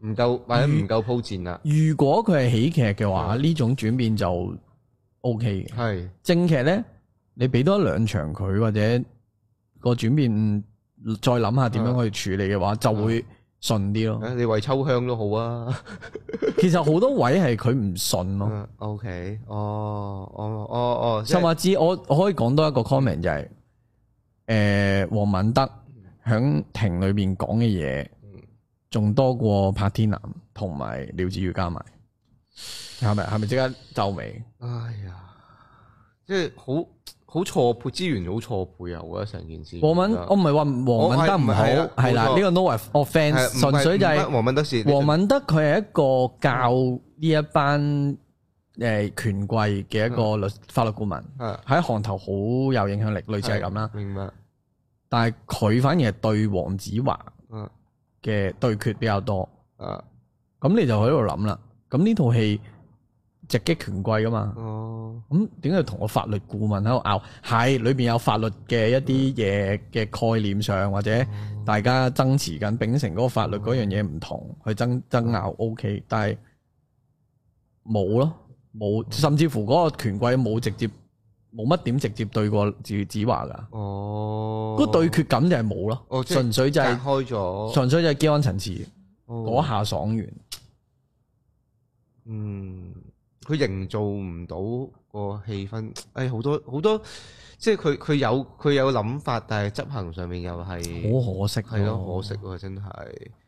唔夠於或者唔夠鋪墊啦。如果佢係喜劇嘅話，呢的種轉變就 O K 嘅。係的正劇咧，你俾多兩場佢或者個轉變，再諗下點樣去處理嘅話，的就會。順啲咯，你為秋香都好啊。 其實好多位係佢唔順咯。OK，哦，哦、就是，哦，哦，甚柏芝，我我可以講多一個 comment 就係、是，誒、呃，王敏德喺庭裏邊講嘅嘢，仲多過柏天南同埋廖子妤加埋，係咪？係咪即刻皺眉？哎呀，即係好。好錯配資源，好錯配啊！我覺得成件事。黃敏，我唔係話黃敏德唔、哦、好，係啦呢個 no offense fans。純粹就係黃敏德是黃敏德，佢係一個教呢一班誒權貴嘅一個律法律顧問，喺的行頭好有影響力，類似係咁啦。明白。但係佢反而係對黃子華嘅對決比較多。啊的，咁你就喺度諗啦。咁呢套戲。直擊權貴噶嘛？哦，咁點解同個法律顧問喺度拗？喺裏邊有法律嘅一啲嘢嘅概念上，或者大家爭持緊、秉承嗰個法律嗰樣嘢唔同，哦、去爭爭拗。O K，、嗯、論但係冇咯，冇，甚至乎嗰個權貴冇直接冇乜點直接對過黃子華噶。哦，個對決感就係冇咯，純、哦、粹就係、是、開咗，純粹就係結案陳詞，嗰下爽完。嗯。佢營造唔到個氣氛，哎好多好多，即係佢佢有佢有諗法，但係執行上面又係好可惜，係咯，可惜喎，真係，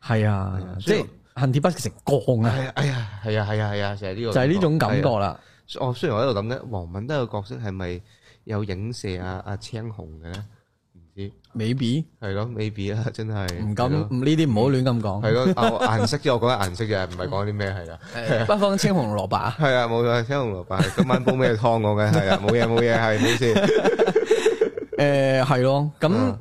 係啊，即係恨鐵不成鋼啊，係啊，係啊，係啊，係啊，就係呢個就係呢種感覺啦。我雖然我喺度諗咧，黃敏德個角色係咪有影射阿阿青紅嘅咧？maybe 係咯，maybe 啊，真係唔敢，呢啲唔好亂咁講。係咯，哦、顏色即係我覺得顏色嘅，唔係講啲咩係啦。 的北方青紅蘿蔔啊，係啊，冇錯，青紅蘿蔔。今晚煲咩湯，講嘅係啊，冇嘢冇嘢，係冇事。誒，係咯，咁。呃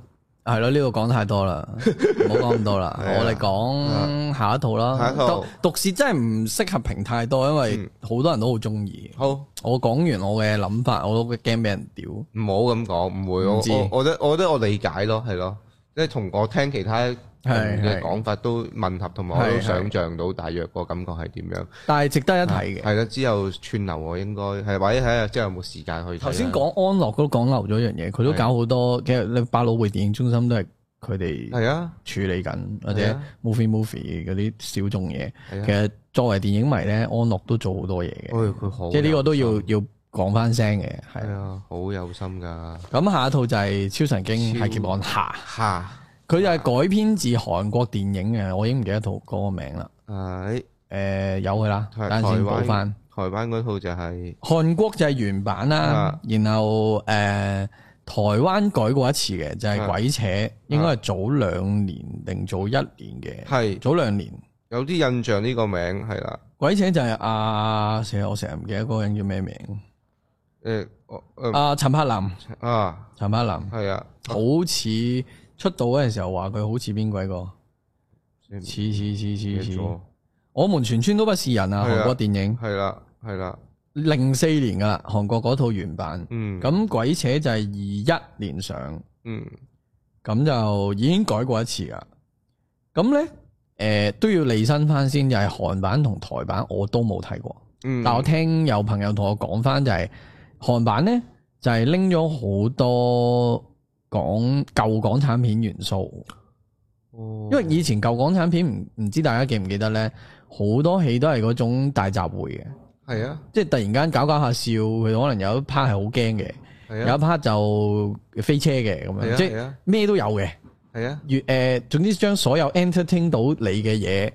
係咯，呢、呢個講太多啦，唔好講咁多啦。 啊、我哋講下一套啦。下一套。毒舌真係唔適合評太多，因為好多人都好中意。好、嗯，我講完我嘅諗法，我都驚俾人屌。唔好咁講，唔會。知我我我覺得我覺得我理解咯，係咯。即係同我聽其他。嘅講法都吻合，同埋我都想象到，大約個感覺係點樣。但係值得一提嘅係啦，之後串流我應該係或者喺之後有冇時間去。頭先講安樂都講漏咗一樣嘢，佢都搞好多。其實你百老匯電影中心都係佢哋處理緊，或者 movie movie 嗰啲小眾嘢。其實作為電影迷咧，安樂都做好多嘢嘅，即係呢個都要要講返聲嘅，係啊，好有心㗎。咁下一套就係超神經械劫案下下。佢就係改編自韓國電影嘅，我已經唔記得套個名啦。係誒有佢啦，但係先講返。台灣嗰套就係韓國就係原版啦，然後誒台灣改過一次嘅就係鬼扯，應該係早兩年定早一年嘅。係早兩年，有啲印象呢個名係啦。鬼扯就係阿成，我成日唔記得嗰個人叫咩名。誒，阿陳柏霖。啊，陳柏霖。係啊，好似。出道嗰陣時候話佢好似邊鬼個似似似似似，我們全村都不是人啊！韓的國電影係啦係啦，零四年噶啦，韓國嗰套原版，咁、嗯、鬼扯就係二一年上，咁、嗯、就已經改過一次噶，咁咧誒都要厘身翻先，就係、是、韓版同台版我都冇睇過，嗯、但我聽有朋友同我講翻就係韓版咧就係拎咗好多。講舊港產片元素，哦，因為以前舊港產片唔唔知大家記唔記得咧，好多戲都係嗰種大雜燴嘅，係啊，即係突然間搞搞下笑，佢可能有一 part 係好驚嘅，係啊，有一 part 就飛車嘅咁樣，即係咩都有嘅，係啊，越誒，總之將所有 entertain 到你嘅嘢，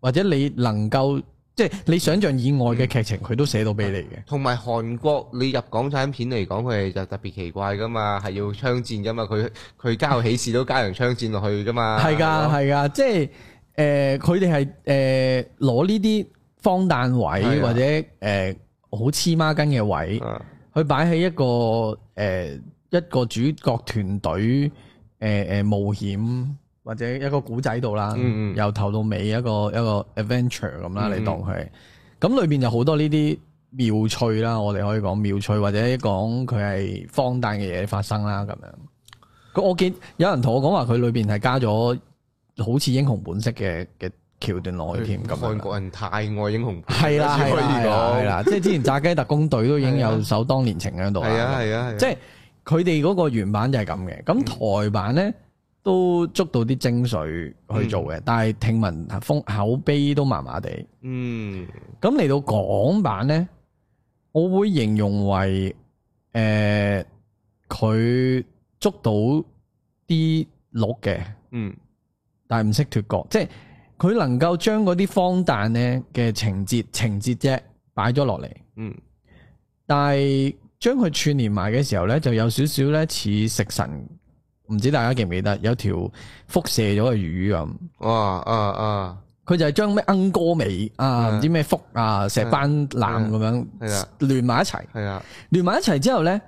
或者你能夠。即係你想象以外嘅劇情，佢、嗯、都寫到俾你嘅。同埋韓國，你入港產片嚟講，佢係就特別奇怪噶嘛，係要槍戰噶嘛，佢佢家有喜事都加人槍戰落去噶嘛。係噶係噶，即係誒，佢哋係誒攞呢啲荒誕位的或者誒好黐孖筋嘅位，佢擺喺一個誒、呃、一個主角團隊誒誒、呃呃、冒險。或者一個古仔度啦，由頭到尾一個一個 adventure 咁啦，你當佢咁裏邊就好多呢啲妙趣啦，我哋可以講妙趣或者講佢係荒誕嘅嘢發生啦咁樣。我見有人同我講話佢裏邊係加咗好似英雄本色嘅嘅橋段落去添咁。韓國人太愛英雄係啦係啦，即係之前炸雞特工隊都已經有首當年情喺度啦，係啊係啊，即係佢哋嗰個原版就係咁嘅。咁台版咧？都捉到啲精髓去做嘅，嗯、但係聽聞風口碑都麻麻地。嗯，咁嚟到港版咧，我會形容為誒，佢、呃、捉到啲鹿嘅，嗯，但係唔識脫角，即係佢能夠將嗰啲荒誕咧嘅情節情節啫擺咗落嚟，嗯，但係將佢串連埋嘅時候咧，就有少少咧似食神。唔知大家記唔記得有條輻射咗嘅魚咁，哇啊啊！佢就係將咩 a n 尾啊，唔知咩腹啊、石斑腩咁樣連埋一齊，係啊，連埋一齊之後咧，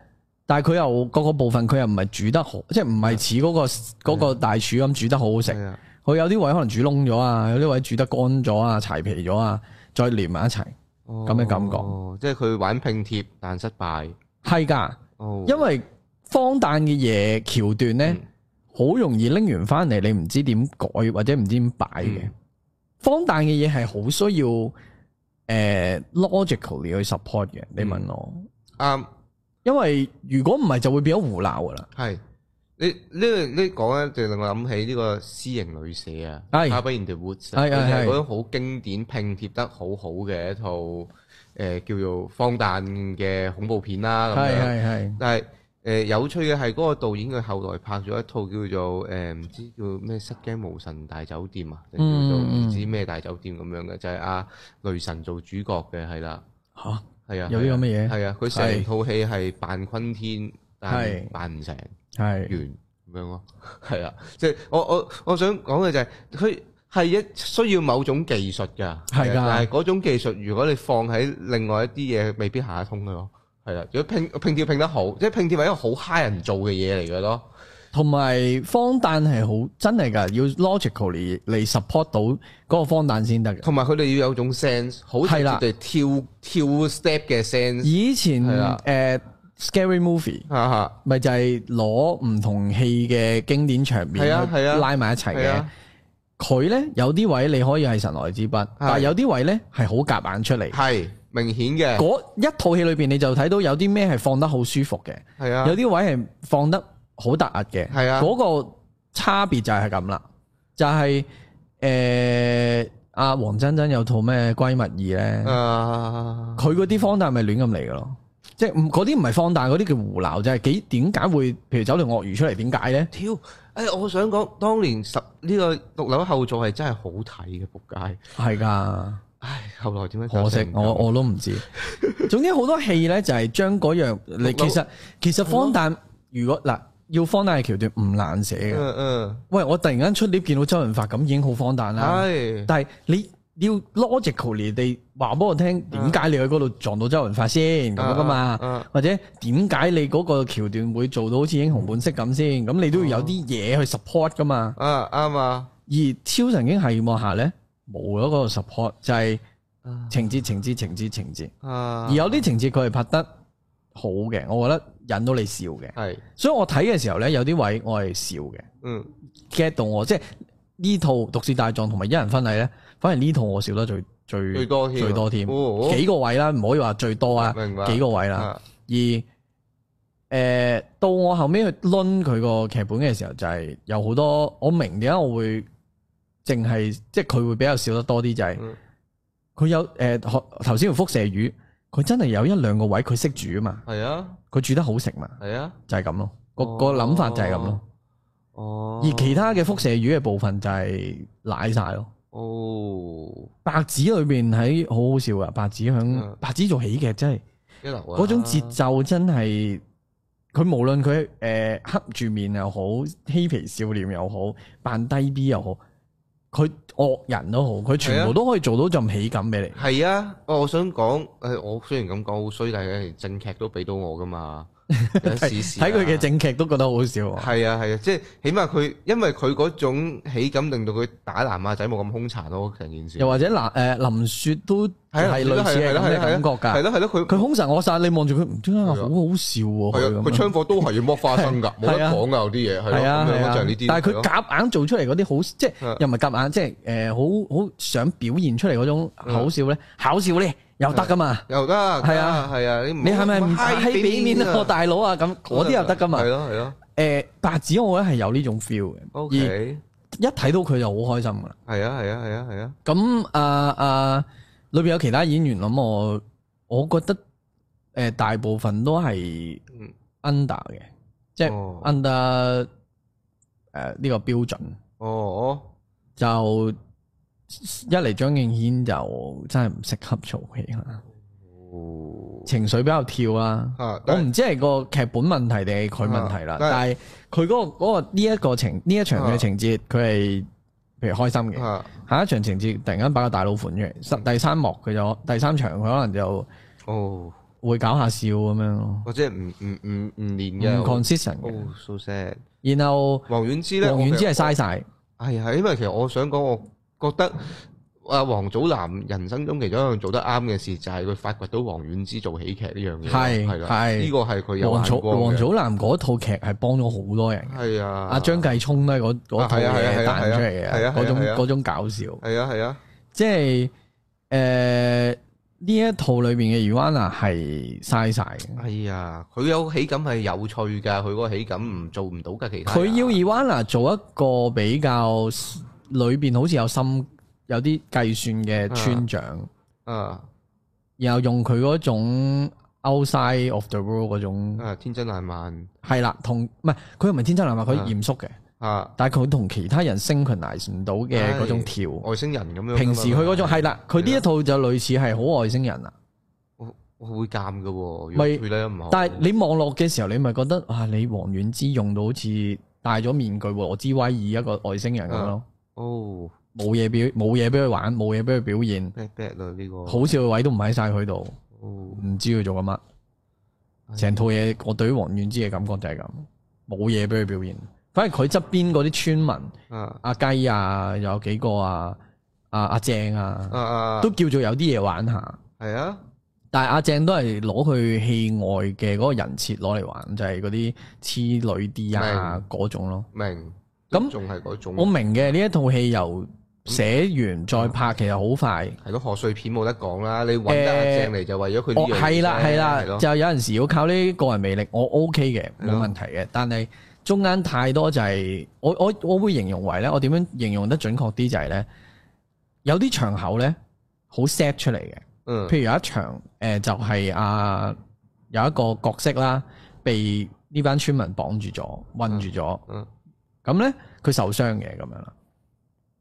但係佢又各個部分佢又唔係煮得好，即係唔係似嗰個個大廚咁煮得好好食。佢有啲位可能煮窿咗啊，有啲位煮得乾咗啊、柴皮咗啊，再連埋一齊，咁嘅感覺，即係佢玩拼貼但失敗，係噶，因為。荒誕嘅嘢橋段咧，好、嗯、容易拎完翻嚟，你唔知點改或者唔知點擺嘅。荒誕嘅嘢係好需要誒、呃、logically 去 support 嘅。你問我啱，嗯、因為如果唔係，就會變咗胡鬧噶啦。係、嗯、你呢呢講咧，就令我諗起呢個《呢個呢個呢個、個屍營旅社》啊是，《In the Woods》係係係好經典拼貼得好好嘅一套誒、呃，叫做荒誕嘅恐怖片啦。係係係，是是但係。誒、呃、有趣嘅係嗰個導演，佢後來拍咗一套叫做誒唔、呃、知叫咩《失驚無神大酒店》啊，定叫做唔知咩大酒店咁樣嘅，嗯、就係阿雷神做主角嘅，係啦吓？係啊，有啲咁嘅嘢，係啊，佢成、啊、套戲係扮昆天，是但係扮唔成，係是完咁樣咯，係啊，即係我我我想講嘅就係佢係一需要某種技術㗎，係啊，的但係嗰種技術如果你放喺另外一啲嘢，未必行得通嘅咯。係啦，如果拼拼貼拼得好，即係拼貼係一個好 high 人做嘅嘢嚟嘅咯。同埋，荒誕係好真係噶，要 logically 嚟 support 到嗰個荒誕先得嘅。同埋，佢哋要有種 sense，好似絕對跳跳的 step 嘅 sense。以前誒的、uh，scary movie，咪、uh huh. 就係攞唔同戲嘅經典場面，係啊係啊，拉埋一齊嘅。佢咧有啲位你可以係神來之筆，的但係有啲位咧係好夾硬出嚟。係的。明顯嘅，嗰一套戲裏邊你就睇到有啲咩係放得好舒服嘅，係是啊，有啲位係放得好壓嘅，係是啊，嗰個差別就係咁啦，就係、是、誒，阿、呃、黃珍珍有套咩閨蜜二咧，佢嗰啲放大咪亂咁嚟嘅咯，即係嗰啲唔係放大，嗰啲叫胡鬧就係幾點解會，譬如走條鱷魚出嚟，點解咧？挑，誒，我想講當年十呢、這個六樓後座係真係好睇嘅仆街，係噶。唉，後來點樣？可惜我我都唔知。總之好多戲咧，就係將嗰樣你其實其實荒誕。如果嗱，要荒誕嘅橋段唔難寫嘅。嗯嗯。喂，我突然間出碟見到周潤發咁已經好荒誕啦。係。但係你要 logically 地話俾我聽，點解你去嗰度撞到周潤發先咁噶嘛？或者點解你嗰個橋段會做到好似英雄本色咁先？咁你都要有啲嘢去 support 噶嘛？啊啱啊。而超神經係望下咧。冇咗個 support，就係情節情節情節情節，而有啲情節佢係拍得好嘅，我覺得引到你笑嘅。係是，所以我睇嘅時候咧，有啲位我係笑嘅。嗯，get 到我，即係呢套《毒舌大狀》同埋《一人婚禮》咧，反而呢套我笑得最最最多添，最多哦、幾個位啦，唔可以話最多啊，幾個位啦。啊、而誒，到我後尾去攆佢個劇本嘅時候，就係、是、有好多我明點解我會。淨係即係佢會比較少得多啲，就係佢有誒，頭先條輻射魚，佢真係有一兩個位，佢識煮啊嘛。係啊，佢煮得好食嘛。係啊，就係咁咯。個個諗法就係咁咯。哦，而其他嘅輻射魚嘅部分就係瀨晒咯。哦，白紙裏面喺好好笑啊！白紙響白紙做喜劇真係，嗰種節奏真係，佢無論佢誒黑住面又好，嬉皮笑臉又好，扮低 B 又好。佢惡人都好，佢全部都可以做到陣喜感俾你。係啊，我想講，誒，我雖然咁講好衰，但係連正劇都畀到我噶嘛。睇佢嘅正劇都覺得好笑，係啊係啊，即係起碼佢因為佢嗰種喜感令到佢打男馬仔冇咁兇殘咯，成件事。又或者嗱，誒，林雪都係類似嘅感覺噶，係咯係咯，佢佢凶神惡煞，你望住佢唔知點解，好好笑喎。佢佢槍火都係要剝花生噶，冇得講噶有啲嘢，係啊，咁樣就係呢啲。但係佢夾硬做出嚟嗰啲好，即係又唔係夾硬，即係誒好好想表現出嚟嗰種好笑咧，巧笑咧。又得噶嘛？又得係啊，係啊！你係咪唔睇俾面我大佬啊？咁嗰啲又得噶嘛？係咯，係咯。誒，白子，我得係有呢種 feel 嘅。O K，一睇到佢就好開心噶啦。係啊，係啊，係啊，係啊。咁啊啊，裏邊有其他演員，咁我我覺得誒，大部分都係 under 嘅，即係 under 誒呢個標準。哦，就。一嚟，張敬軒就真係唔適合做戲啦，情緒比較跳啦。我唔知係個劇本問題定係佢問題啦，但係佢嗰個個呢一個情呢一場嘅情節，佢係譬如開心嘅，下一場情節突然間擺個大佬款嘅，第三幕佢就第三場佢可能就哦會搞下會搞笑咁樣咯。或者唔唔唔唔連嘅，consistent 然後王菀之咧，王菀之係嘥晒，係係因為其實我想講我。覺得阿王祖藍人生中其中一樣做得啱嘅事，就係佢發掘到王菀之做喜劇呢樣嘢，係啦，係呢個係佢有嘅。王祖王祖藍嗰套劇係幫咗好多人嘅。係啊，阿張繼聰咧嗰嗰套嘢彈出嚟嘅，嗰種嗰種搞笑。係啊係啊，即係誒呢一套裏面嘅 Ivana 係嘥晒嘅。係啊，佢有喜感係有趣㗎，佢個喜感唔做唔到㗎。其他佢要 Ivana 做一個比較。裏邊好似有心有啲計算嘅村長，嗯、啊，啊、然後用佢嗰種 outside of the world 嗰種，啊，天真爛漫係啦，同唔係佢又唔係天真爛漫，佢嚴肅嘅，啊，但係佢同其他人 synchronize 唔到嘅嗰種調、啊，外星人咁樣，平時佢嗰種係、啊、啦，佢呢一套就類似係好外星人啊，我會監噶，咪，但係你網絡嘅時候，你咪覺得啊，你王菀之用到好似戴咗面具我知威以一個外星人咁咯、啊。啊哦，冇嘢表冇嘢俾佢玩，冇嘢俾佢表現。b 呢個，好少位都唔喺晒佢度，唔、哦、知佢做緊乜。成、哎、呀套嘢我對於王菀之嘅感覺就係咁，冇嘢俾佢表現。反而佢側邊嗰啲村民，阿雞啊，啊，啊，有幾個啊，阿阿鄭啊，啊正啊啊都叫做有啲嘢玩下。係啊，但係阿鄭都係攞去戲外嘅嗰個人設攞嚟玩，就係嗰啲痴女啲啊嗰白種咯。明。咁，仲係種我明嘅，呢一套戲由寫完再拍，嗯、其實好快。係咯，賀歲片冇得講啦。你搵得阿鄭嚟就為咗佢。係啦係啦，就有陣時要靠呢個人魅力。我 O K 嘅，冇問題嘅。的但係中間太多就係、是、我我我會形容為咧，我點樣形容得準確啲就係、是、咧，有啲場口咧好 set 出嚟嘅。嗯、譬如有一場誒、啊，就係阿有一個角色啦，被呢班村民綁住咗，韞住咗。嗯嗯咁咧，佢受傷嘅咁樣啦，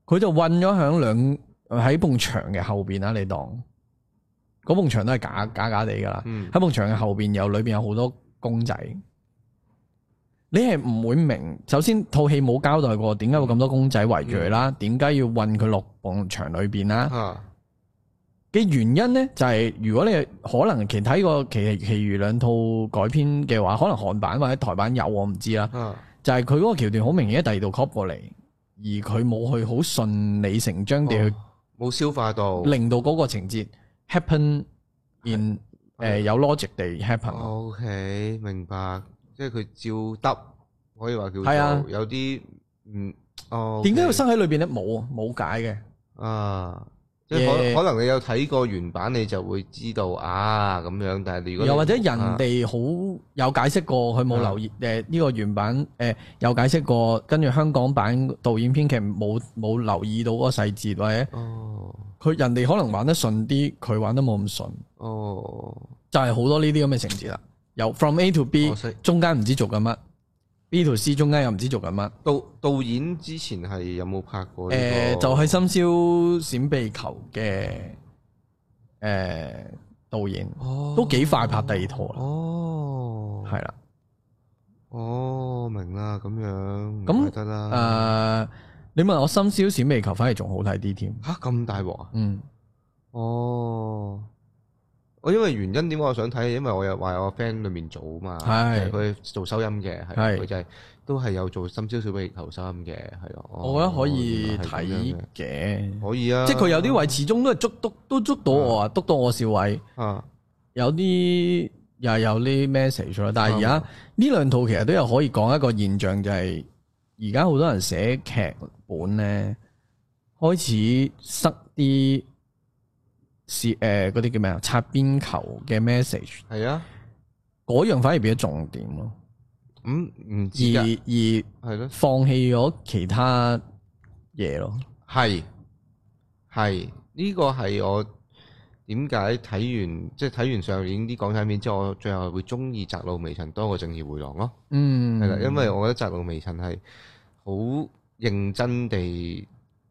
佢就運咗響兩喺埲牆嘅後邊啦。你當嗰埲牆都係假，假假假地噶啦，喺埲牆嘅後邊有裏邊有好多公仔。你係唔會明，首先套戲冇交代過點解會咁多公仔圍住佢啦，點解、嗯、要運佢落埲牆裏邊啦？嘅、嗯、原因咧就係、是、如果你可能其睇過其其餘兩套改編嘅話，可能韓版或者台版有我唔知啦。嗯就係佢嗰個橋段好明顯喺第二度 cop 過嚟，而佢冇去好順理成章地去、哦，冇消化到，令到嗰個情節 happen in 誒有 logic 地 happen。OK，明白，即係佢照得可以話叫啊，有啲嗯哦。點解會生喺裏邊咧？冇冇解嘅啊！即也可能你有睇過原版，你就會知道啊咁樣。但係你如果你又或者人哋好有解釋過，佢冇留意誒呢、啊呃這個原版誒、呃、有解釋過，跟住香港版導演編劇冇冇留意到嗰個細節，或者哦佢人哋可能玩得順啲，佢玩得冇咁順哦，就係好多呢啲咁嘅情節啦。由 From A to B，懂中間唔知做緊乜。呢套戲中間又唔知做緊乜。導導演之前係有冇拍過這個？誒、呃，就係、是《深宵閃避球》嘅，呃、誒導演，哦、都幾快拍第二哦，係啦的，哦明啦，咁樣咁那得啦。誒、呃，你問我《深宵閃避球》反而仲好睇啲添。吓！咁大鑊啊！嗯，哦。我因為原因點解我想睇，因為我有話我個 friend 裏面做啊嘛，佢係做收音嘅，佢係就係、係、都係有做深宵小少嘅求收音嘅，係啊，我覺得可以睇嘅，可以啊，即係佢有啲位始終都係捉督都捉，捉到我啊，督係到我笑位，係有啲又有啲 message 咯，但係而家呢兩套其實都有可以講一個現象，就係而家好多人寫劇本咧，開始塞啲。誒，嗰啲、呃、叫咩啊？擦邊球嘅 message 係啊，嗰樣反而變咗重點咯。咁唔、嗯、知而，而係咯，放棄咗其他嘢咯。係係呢個係我點解睇完即係睇完上年啲港產片之後，我最後會鍾意《窄路微塵》多過《正義回廊》咯。嗯，係啦，因為我覺得《窄路微塵》係好認真地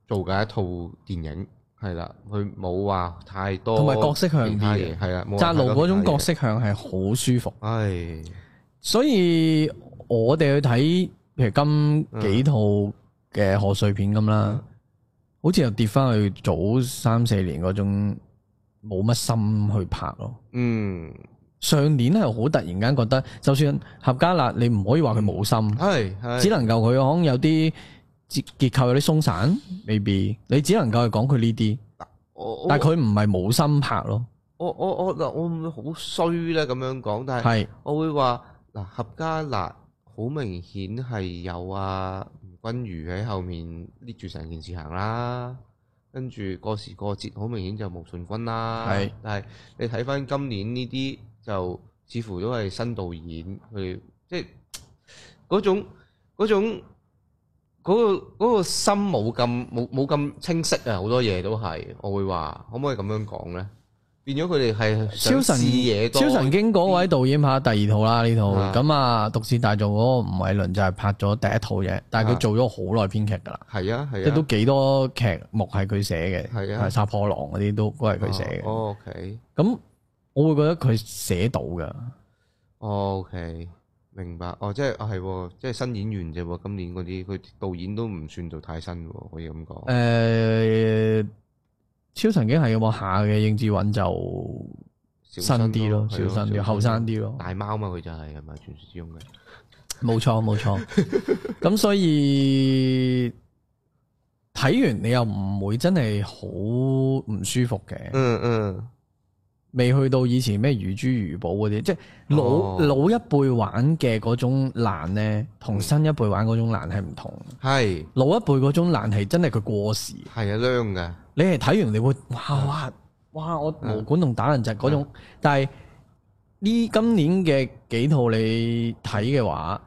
做嘅一套電影。.係啦，佢冇話太多話，同埋角色向啲嘢，係啊，摘露嗰種角色向係好舒服。係唉，所以我哋去睇，譬如今幾套嘅賀歲片咁啦，嗯、好似又跌翻去早三四年嗰種，冇乜心去拍咯。嗯，上年係好突然間覺得，就算合家樂，你唔可以話佢冇心，係，只能夠佢可能有啲。結構有啲鬆散未必。Maybe. 你只能夠去講佢呢啲，我但係佢唔係冇心拍咯。我我我嗱，我唔會好衰咧咁樣講，但係我會話嗱，合家辣好明顯係有阿、啊、吳君如喺後面捏住成件事行啦，跟住過時過節好明顯就毛舜筠啦，係是，但係你睇翻今年呢啲就似乎都係新導演去，即係嗰種嗰種。嗰、那個那個心冇咁冇冇咁清晰啊！好多嘢都係，我會話可唔可以咁樣講咧？變咗佢哋係超神嘢，超神經嗰位導演拍第二套啦，呢套咁啊，毒舌大狀嗰個吳煒倫就係拍咗第一套嘢，但係佢做咗好耐編劇噶啦，係啊係啊，啊啊即都幾多劇目係佢寫嘅，係啊，殺破狼嗰啲都都係佢寫嘅、啊哦。OK，咁我會覺得佢寫得到嘅、哦。OK。明白，哦，即係，哦、啊、係，即係新演員啫，今年嗰啲佢導演都唔算做太新，可以咁講。誒、呃，超神經係有冇下嘅？應志韻就少新啲咯，少新啲，後生啲咯。像大貓嘛，佢就係係咪傳說之中嘅？冇錯冇錯，咁 所以睇完你又唔會真係好唔舒服嘅、嗯。嗯嗯。未去到以前咩如珠如寶嗰啲，即係老、哦、老一輩玩嘅嗰種難呢，同新一輩玩嗰種難係唔同。係是老一輩嗰種難係真係佢過時，係啊，娘㗎。你係睇完你會哇哇哇，我毛管戙打人疾嗰種。啊啊、但係呢今年嘅幾套你睇嘅話，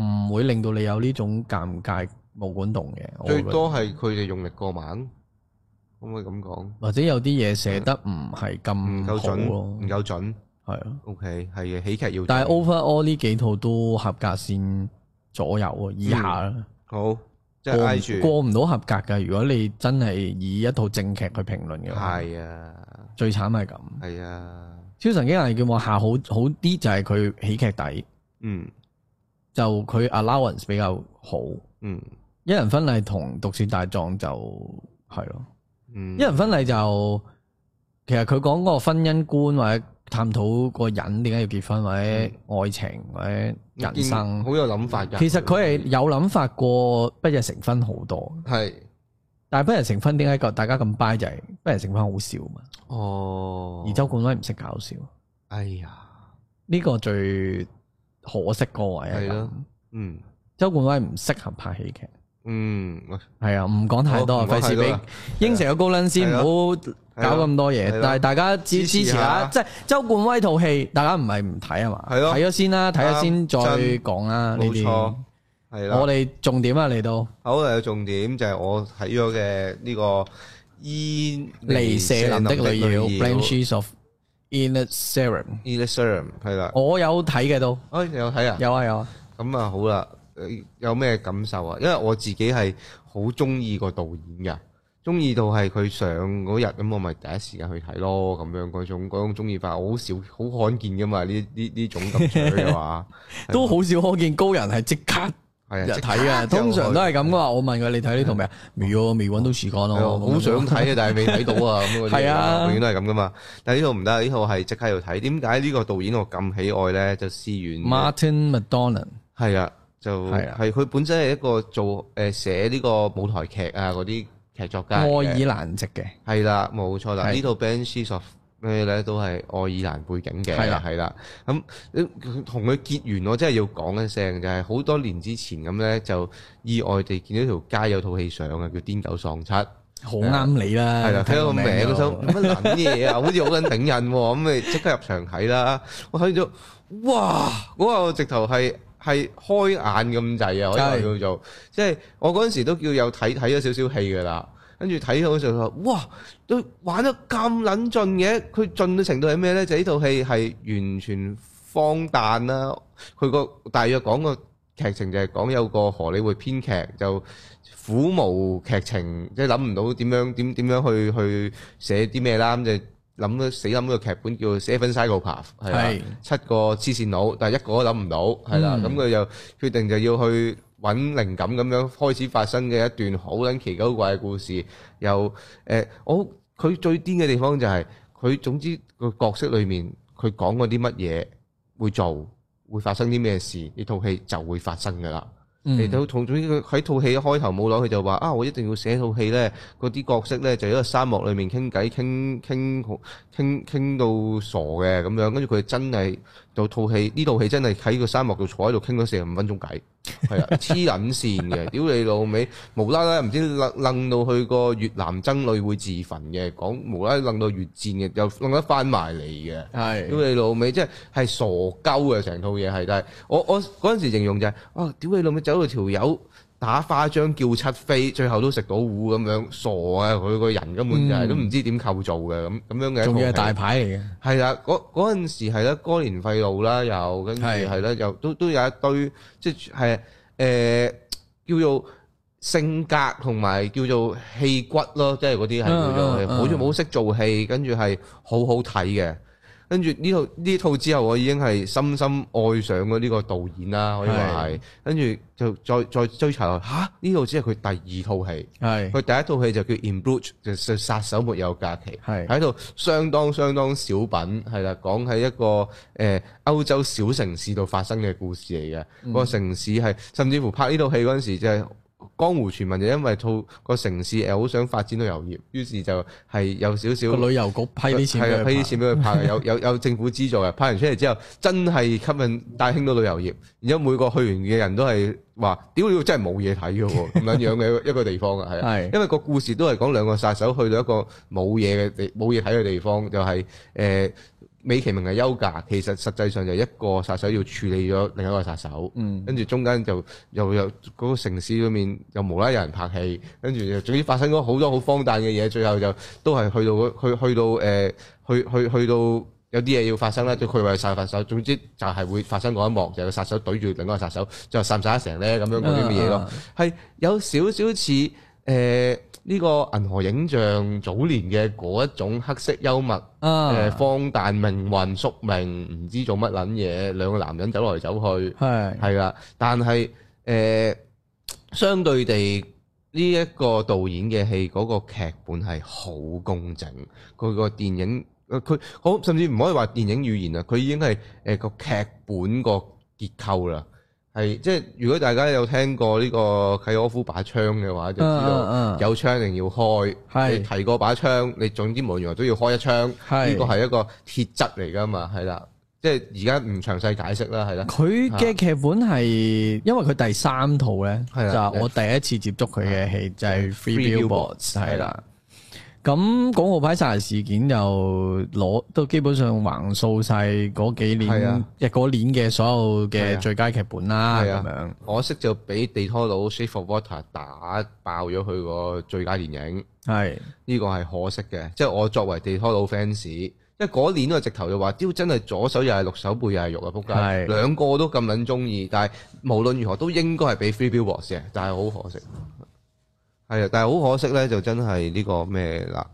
唔會令到你有呢種尷尬毛管戙嘅。最多係佢哋用力過猛。可唔可以咁講？或者有啲嘢寫得唔係咁夠準咯？唔夠準，係啊。OK，係喜劇要，但係 Over All 呢幾套都合格線左右、嗯、以下啦。好，即係挨住過唔到合格嘅。如果你真係以一套正劇去評論嘅，係啊，最慘係咁。係啊，超神經械劫案下好好啲就係佢喜劇底，嗯，就佢 Allowance 比較好，嗯，一人婚禮同毒舌大狀就係咯。一人婚禮就其實佢講個婚姻觀或者探討個人點解要結婚、嗯、或者愛情或者人生好有諗法噶。其實佢係有諗法過不日成，是成，成婚好多，係但係不日成婚點解個大家咁 buy 就係不日成婚好少嘛。哦，而周冠威唔識搞笑。哎呀，呢個最可惜個位係嗯，周冠威唔適合拍喜劇。嗯，係啊，唔講太多，費事俾應承個高人先，唔好搞咁多嘢。但係大家支支持下，即係周冠威套戲，大家唔係唔睇啊嘛？係咯，睇咗先啦，睇咗先再講啦。呢啲，係啦。我哋重點啊嚟到，好嚟到重點就係我睇咗嘅呢個伊尼舍林的女妖 Banshees of Inisherin。Inisherin 係啦，我有睇嘅都，有睇啊？有啊，有啊。咁啊，好啦。有咩感受啊？因為我自己係好中意個導演嘅，中意到係佢上嗰日咁，我咪第一時間去睇咯，咁樣嗰種嗰種中意法，我好少好罕見噶嘛？呢呢呢種咁嘅話，都好少可見高人係即刻係啊！即睇啊，通常都係咁噶。我問佢你睇呢套未啊？未未搵到時間咯。好想睇啊，但係未睇到啊。係 啊，永遠都係咁噶嘛。但係呢套唔得，呢套係即刻要睇。點解呢個導演我咁喜愛咧？就思遠 Martin McDonnell 係啊。就係係佢本身係一個做誒、呃、寫呢個舞台劇啊嗰啲劇作家，愛爾蘭籍嘅係啦，冇錯啦。呢套的 Little Banshees 的、uh, 咧都係愛爾蘭背景嘅係啦，係啦的。咁同佢結緣我真係要講一聲，就係、是、好多年之前咁咧，就意外地見到條街有套戲上啊，叫《癲狗喪七》，好啱你啦。係啦，睇到個名嗰首乜撚嘢啊，好似好撚頂癮喎，咁咪即刻入場睇啦。我睇咗，哇！我話直頭係～係開眼咁滯啊！我認為叫做，是即係我嗰陣時都叫有睇睇咗少少戲嘅啦，跟住睇咗就話：哇！都玩得咁撚盡嘅，佢盡嘅程度係咩呢？就呢套戲係完全荒誕啦、啊。佢個大約講個劇情就係講有個荷里活編劇就苦無劇情，即係諗唔到點樣點點樣,樣去去寫啲咩啦咁就。諗都死諗個劇本叫 Seven Psychopaths 係啦，是七個黐線佬，但係一個都諗唔到係啦。咁佢又決定就要去揾靈感咁樣，開始發生嘅一段好撚奇高怪嘅故事。又誒，我、呃、佢、哦、最癲嘅地方就係、是、佢總之個角色裏面佢講嗰啲乜嘢會做，會發生啲咩事，呢套戲就會發生㗎啦。嚟到從總之佢喺套戲一開頭冇耐，佢就話啊，我一定要寫套戲咧，嗰啲角色咧就喺個沙漠裏面傾偈傾傾傾傾到傻嘅咁樣，跟住佢真係。就套戲，呢套戲真係喺個沙漠度坐喺度傾咗四十五分鐘偈，係啊黐撚線嘅，屌你老味，無啦啦唔知楞楞到去個越南僧侶會自焚嘅，講無啦楞到越戰嘅，又楞得翻埋嚟嘅，係是的、就是哦，屌你老味，即係係傻鳩嘅成套嘢係，但係我我嗰陣時形容就係，啊，屌你老味，走到條友。打花張叫七飛，最後都食到糊咁樣，傻啊！佢個人根本就係、嗯、都唔知點構造嘅咁咁樣嘅。仲、嗯、時要大牌嚟嘅，係啦，嗰嗰陣時係啦，過年廢路啦又跟住係啦，又，又都都有一堆即係誒、呃、叫做性格同埋叫做戲骨咯，即係嗰啲係好似冇冇識做戲，啊、戲跟住係好好睇嘅。跟住呢套呢套之後，我已經係深深愛上咗呢個導演啦，我認為。跟住就再再追查，下、啊。呢套只係佢第二套戲。係佢是第一套戲就叫 In Bruges，就殺手沒有假期。係喺度相當相當小品，係啦，講喺一個誒、呃、歐洲小城市度發生嘅故事嚟嘅。嗰、嗯、個城市係甚至乎拍呢套戲嗰陣時就係、是。江湖傳聞就因為套個城市又好想發展到遊業，於是就係有少少旅遊局批啲錢，批啲錢俾佢拍，有有有政府資助嘅，拍完出嚟之後真係吸引大興到旅遊業，然之後每個去完嘅人都係話：，屌你， 真係冇嘢睇嘅，咁樣樣嘅一個地方啊，係。係。 因為個故事都係講兩個殺手去到一個冇嘢嘅地，冇嘢睇嘅地方，就係、是、誒。呃美其名係休假，其實實際上就係一個殺手要處理咗另一個殺手，跟住、嗯、中間就又有嗰、那個城市裏面又無啦啦有人拍戲，跟住就總之發生咗好多好荒誕嘅嘢，最後就都係去到去去到誒、呃、去去去到有啲嘢要發生啦，就佢話殺殺手，總之就係會發生嗰一幕，就個、是、殺手對住另一個殺手就殺唔殺一成咧咁樣嗰啲乜嘢咯，係、啊、有少少似誒。呃呢個銀河影像早年嘅嗰一種黑色幽默，誒，荒誕命運宿命，唔知做乜撚嘢，兩個男人走來走去，係係啦。但係誒，相對地呢一個導演嘅戲嗰個劇本係好工整，佢個電影佢好甚至唔可以話電影語言啊，佢已經係誒個劇本個結構啦。係即係，如果大家有聽過呢個契柯夫把槍嘅話，就知道有槍一定要開。 你提過把槍，你總之無用都要開一槍。呢個係一個鐵則嚟噶嘛，係啦。即係而家唔詳細解釋啦，係啦。佢嘅劇本係因為佢第三套咧，的就我第一次接觸佢嘅戲的就係是 Three Billboards 係啦。 咁廣告牌殺人事件又攞都基本上橫掃曬嗰幾年，亦嗰、啊、年嘅所有嘅最佳劇本啦。咁、啊、樣可惜、啊、就俾地拖佬 Shape of Water 打爆咗佢個最佳電影。係，呢個係可惜嘅，即、就、係、是、我作為地拖佬 fans，即係嗰年都直頭就話，屌真係左手又係六手背又係肉啊！撲街，是兩個都咁撚中意，但係無論如何都應該係比 Three Billboards，但係好可惜。係啊，但係好可惜咧，就真係呢個咩啦。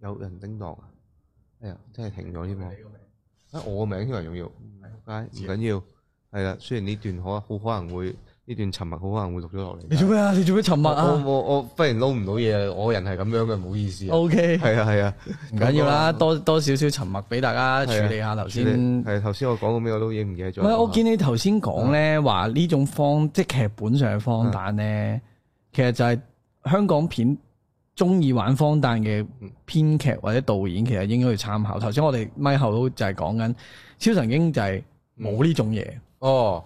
有人叮噹啊，哎呀，真係停咗添喎！我個名先為重要，唔該，唔緊要，係啦。雖然呢段可好可能會呢段沉默，好可能會錄咗落嚟。你做咩啊？你做咩沉默啊？我我我，我忽然撈唔到嘢啊！我人係咁樣嘅，唔好意思。O K，係啊係啊，唔緊要啦，多多少少沉默俾大家處理下頭先。係頭先我講到咩，我都已經唔記得咗。我見你頭先講咧，話呢、嗯、種方即係劇本上嘅方旦咧、嗯，其實就係香港片。中意玩荒誕嘅編劇或者導演，其實應該去參考。頭先我哋咪後都就係講緊超神經就係冇呢種嘢、嗯、哦。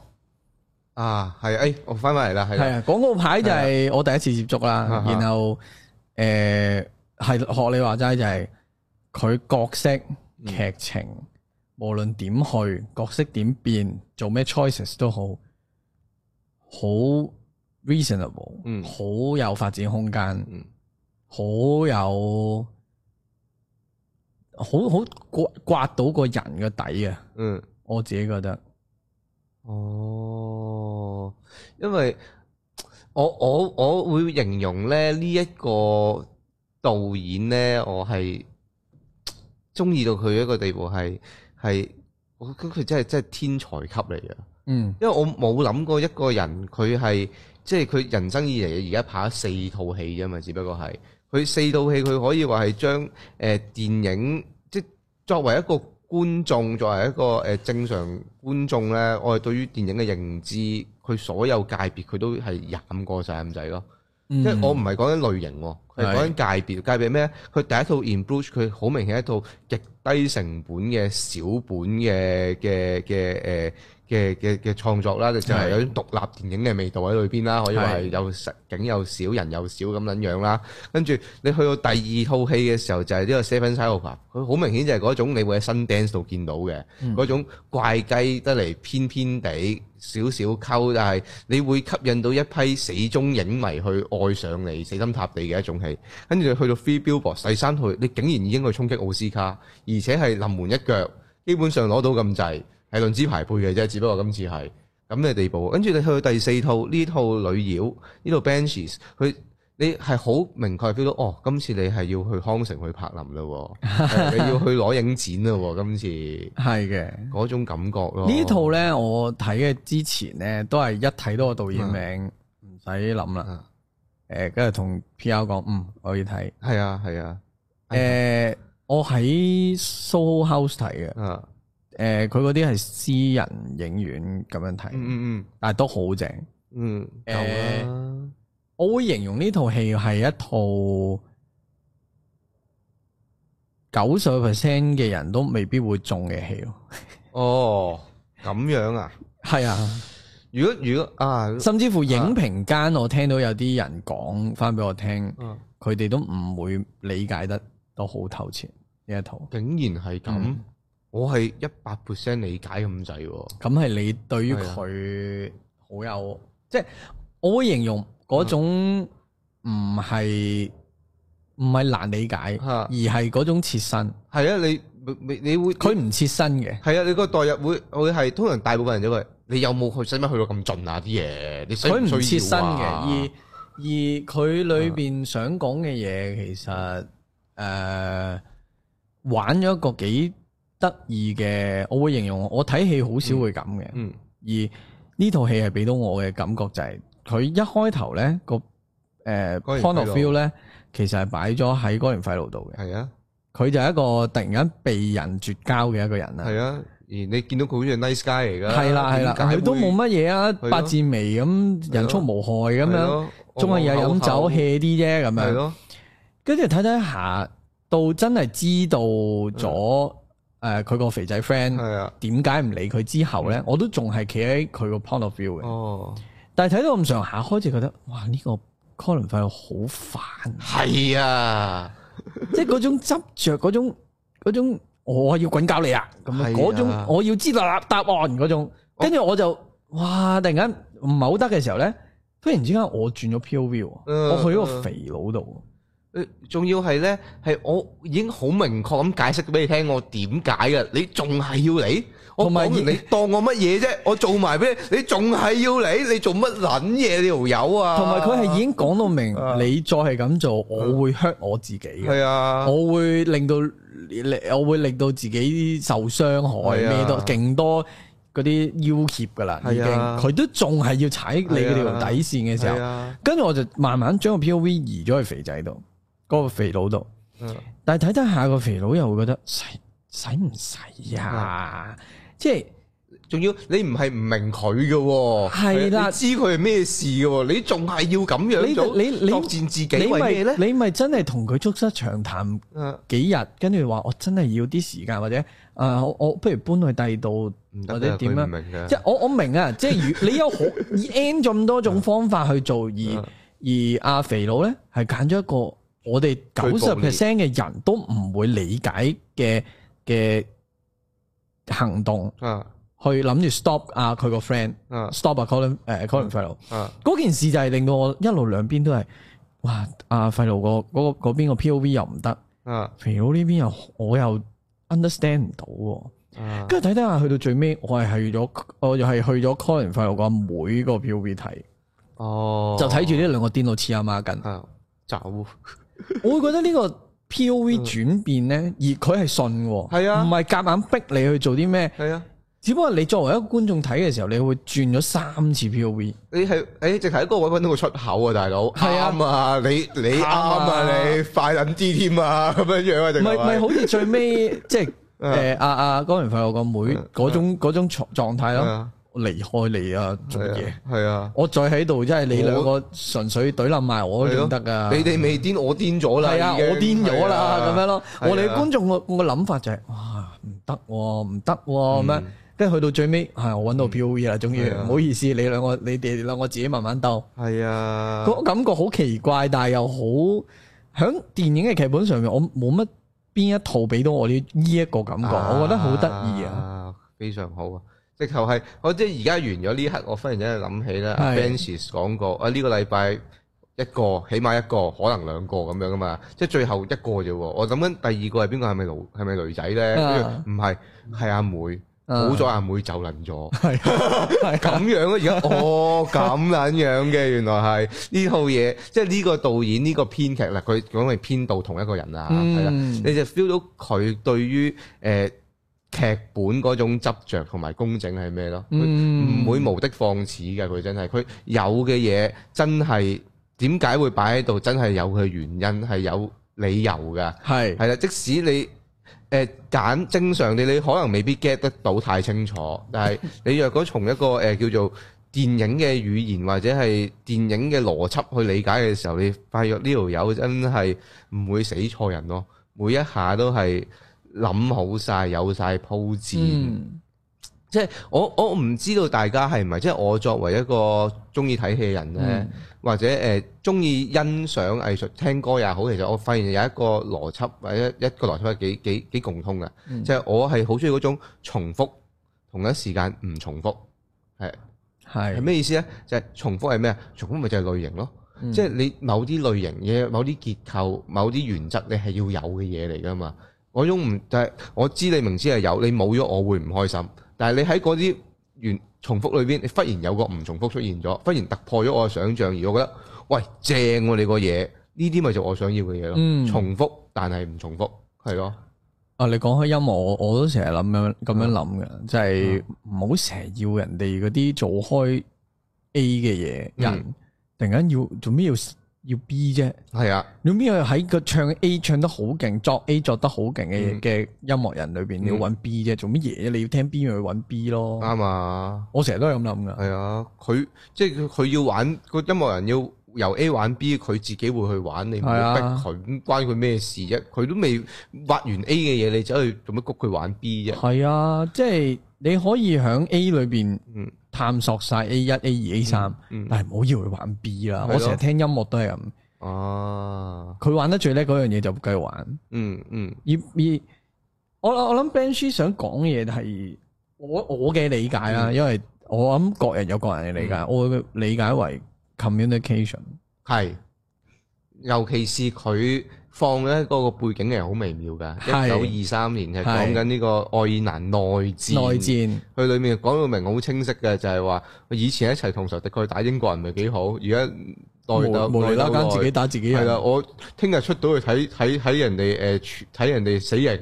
啊，係，哎，我翻返嚟啦，係啊。廣告牌就係我第一次接觸啦。的然後，誒、呃，係學你話齋、就係，就係佢角色劇情，嗯、無論點去角色點變，做咩 choices 都好，好 reasonable，嗯，好有發展空間，嗯好有好好刮刮到個人嘅底啊。嗯，我自己覺得，哦，因為我我我會形容咧呢一個導演咧，我係中意到佢一個地步，係，係我覺得佢真係真係天才級嚟嘅，嗯，因為我冇諗過一個人佢係即係佢人生以嚟而家拍咗四套戲啫嘛，只不過係。佢四套戲佢可以話係將誒、呃、電影，即作為一個觀眾，作為一個誒、呃、正常觀眾咧，我哋對於電影嘅認知，佢所有界別佢都係染過晒咁滯咯，即我唔係講緊類型喎。講緊界別界別係咩？佢第一套《In Bruges》，佢好明顯一套極低成本嘅小本嘅嘅嘅誒嘅嘅嘅創作啦，就係、是、有種獨立電影嘅味道喺裏邊啦。的可以話係又實景又少人又少咁樣樣啦。跟住你去到第二套戲嘅時候，就係、是、呢個 Seven Psychopaths》。佢好明顯就係嗰種你會喺《Sundance 度見到嘅、嗯、種怪雞得嚟偏偏地少少溝，但係你會吸引到一批死忠影迷去愛上你、死心塌地嘅一種戲。跟住去到 Three Billboards 第三套，你竟然已經去衝擊奧斯卡，而且係臨門一腳，基本上攞到咁滯，係論資排輩嘅啫，只不過今次係咁嘅地步。跟住你去到第四套呢套女妖呢套 Banshees，佢你係好明確 feel 到哦，今次你係要去康城去柏林嘞 你要去攞影展啦，今次係嘅嗰種感覺咯。呢 套呢，我睇嘅之前呢，都係一睇到個導演名唔使諗啦。嗯誒、呃，跟住同 PR 講，嗯，我要睇，係啊，係啊，誒、啊呃，我喺 SoHo House 睇嘅，誒、啊，佢嗰啲係私人影院咁樣睇，嗯嗯，但係都好正，嗯，誒、嗯啊呃，我會形容呢套戲係一套九十 percent 嘅人都未必會中嘅戲。啊、 哦，咁樣啊，係 啊。如果如果啊，甚至乎影評間、啊、我聽到有啲人講翻俾我聽，佢哋、啊、都唔會理解得都好透徹。呢一套竟然係咁，嗯、我係一百 percent 理解咁滯。咁係、嗯、你對於佢好有，即係我會形容嗰種唔係唔係難理解，而係嗰種切身。係啊，你你你會佢唔切身嘅。係啊，你個代入會會係通常大部分人都會。你有冇去使乜去到咁盡啊？啲嘢，佢唔切身嘅，而而佢裏邊想講嘅嘢，其實誒玩咗一個幾得意嘅，我會形容我睇戲好少會咁嘅。嗯，而呢套戲係俾到我嘅感覺就係，佢一開頭咧個誒，final feel 咧，其實係擺咗喺哥連費路度嘅。係啊，佢就係一個突然間被人絕交嘅一個人啦。係啊。咦，你見到佢好似 nice guy 嚟噶？係啦，係啦，佢都冇乜嘢啊，八字眉咁，人畜無害咁樣，仲係有飲酒氣啲啫咁樣。係咯，跟住睇睇下，到真係知道咗誒佢個肥仔 friend 點解唔理佢之後咧，我都仲係企喺佢個 point of view 嘅。哦，但係睇到咁上下，開始覺得哇，呢個 Colin 反而好煩。係啊，即係嗰種執著，嗰種嗰種。我要滾搞你啊！咁嗰種我要知答案嗰種，跟住我就哇突然間唔係好得嘅時候咧，突然之間我轉咗 POV，我去咗個肥佬度，仲要係咧係我已經好明確咁解釋俾你聽，我點解嘅，你仲係要嚟？我講完你當我乜嘢啫？我做埋俾你，你仲係要嚟？你做乜捻嘢？你條友啊？同埋佢係已經講到明，你再係咁做，我會 hurt 我自己嘅。係啊，我會令到。你我會令到自己受傷害，咩到勁多嗰啲要挾噶啦，已經佢是呀 都仲係要踩你嗰條底線嘅時候，跟住是呀 我就慢慢將個 P O V 移咗去肥仔度，嗰、嗰個肥佬度，是呀 但係睇睇下個肥佬又會覺得，使唔使啊？是呀 即係。仲要你唔係唔明佢嘅、哦，係啦的，你知佢係咩事嘅，你仲係要咁樣做，你你你挑戰自己為咩咧？你咪真係同佢促膝長談幾日，跟住話我真係要啲時間，或者誒，我、呃、我不如搬去第二度，或者點啦？明即係我我明啊， 即係如你有好以 n 咁多種方法去做，啊、而而、啊、阿肥佬咧係揀咗一個我哋九十 percent 嘅人都唔會理解嘅嘅行動啊。啊去諗住 stop 阿佢個 friend，stop 阿 Colin 誒 Colin Farrell 嗰件事就係令到我一路兩邊都係，哇！阿費老個嗰個嗰邊個 POV 又唔得，肥佬呢邊又我又 understand 唔到，跟住睇睇下去到最尾，我係去咗，我又係去咗 Colin 費老個阿妹個 POV 睇，哦，就睇住呢兩個癲到似阿媽根，走。我會覺得呢個 POV 轉變咧，而佢係信係啊，唔係夾硬逼你去做啲咩，係啊。只不過你作為一個觀眾睇嘅時候，你會轉咗三次 POV。你係誒，淨係喺個位揾到個出口啊，大佬。係啊，你你啱啊，你快撚啲添啊，咁樣樣啊，唔係唔係好似最尾即係誒阿阿江雲凡我個妹嗰種嗰種狀狀態咯，離開你啊做嘢，係啊，我再喺度，即係你兩個純粹懟冧埋我先得啊。你哋未癲，我癲咗啦，我癲咗啦，咁樣咯。我哋觀眾個個諗法就係哇，唔得喎，唔得喎，咁樣。即係去到最尾，係、哎、我揾到 POV 啦，終於，唔好意思，你兩個你哋兩個自己慢慢鬥。係啊，感覺好奇怪，但係又好響電影嘅劇本上面，我冇乜邊一套俾到我呢呢一個感覺，啊、我覺得好得意啊，非常好啊，直頭係我即係而家完咗呢一刻，我忽然之間諗起啦。Avensis 講過啊，呢、呢個禮拜一個起碼一個，可能兩個咁樣噶嘛，即係最後一個啫，我諗緊第二個係邊個，係咪女係咪女仔咧？唔係、啊，係阿妹。 補咗阿妹就輪咗，係咁、嗯、 樣啊？而家哦，咁樣樣嘅，原來係呢 套嘢，即係呢個導演呢、這個編劇啦，佢講係編導同一個人啊，係啦、嗯，你就 feel 到佢對於誒劇本嗰種執着同埋公正係咩咯？唔會無的放矢嘅，佢真係，佢有嘅嘢真係點解會擺喺度？真係有佢原因係有理由噶，係係啦，即使你。誒揀正常地，你可能未必 get 得到太清楚，但係你若果從一個誒、呃、叫做電影嘅語言或者係電影嘅邏輯去理解嘅時候，你發現呢條友真係唔會死錯人咯，每一下都係諗好晒，有晒鋪墊。嗯。即係我我唔知道大家係唔係即係我作為一個中意睇戲嘅人咧，嗯、或者誒中意欣賞藝術、聽歌也好，其實我發現有一個邏輯或者一個邏輯係幾幾幾共通嘅，嗯、即係我係好中意嗰種重複同一時間唔重複，係係係咩意思咧？就係、是、重複係咩啊？重複咪就係類型咯，嗯、即係你某啲類型嘢、某啲結構、某啲原則，你係要有嘅嘢嚟噶嘛？我總唔就係、是、我知你明知係有，你冇咗我會唔開心。但係你喺嗰啲原重複裏邊，你忽然有個唔重複出現咗，忽然突破咗我嘅想像，而我覺得，喂正喎、啊、你個嘢，呢啲咪就我想要嘅嘢咯。重複但係唔重複，係咯。啊，你講開音樂，我我都成日諗樣咁樣諗嘅，嗯、就係唔好成日要人哋嗰啲做開 A 嘅嘢，人突然間要做咩要？要 B 啫，係啊！你邊個，喺個唱 A 唱得好勁，作 A 作得好勁嘅嘅音樂人裏邊，你要搵 B 啫，做乜嘢啫？你要聽 B 去搵 B 咯，啱啊！我成日都係咁諗噶。係啊，佢即係佢要玩個音樂人要由 A 玩 B，佢自己會去玩，你唔會逼佢，咁、啊、關佢咩事啫？佢都未挖完 A 嘅嘢，你走去做乜谷佢玩 B 啫？係啊，即係你可以響 A 裏邊，嗯。探索晒 A 一 A 二 A 三、嗯，嗯、但係唔好以為佢玩 B 啦。的我成日聽音樂都係咁。哦、啊，佢玩得最叻嗰樣嘢就繼續玩。嗯嗯。嗯而而我我諗 b e n s h i 想講嘅嘢係我我嘅理解啦，嗯、因為我諗各人有各人嘅理解，嗯、我會理解為 communication。係，尤其是佢。放咧嗰個背景係好微妙噶，一九二三年係講緊呢個愛爾蘭內戰，是內戰佢裏面講到明好清晰嘅就係、是、話，以前一齊同仇敵愾打英國人咪幾好，而家代鬥內鬥，自己打自己係啦。我聽日出到去睇睇睇人哋誒睇人哋死刑。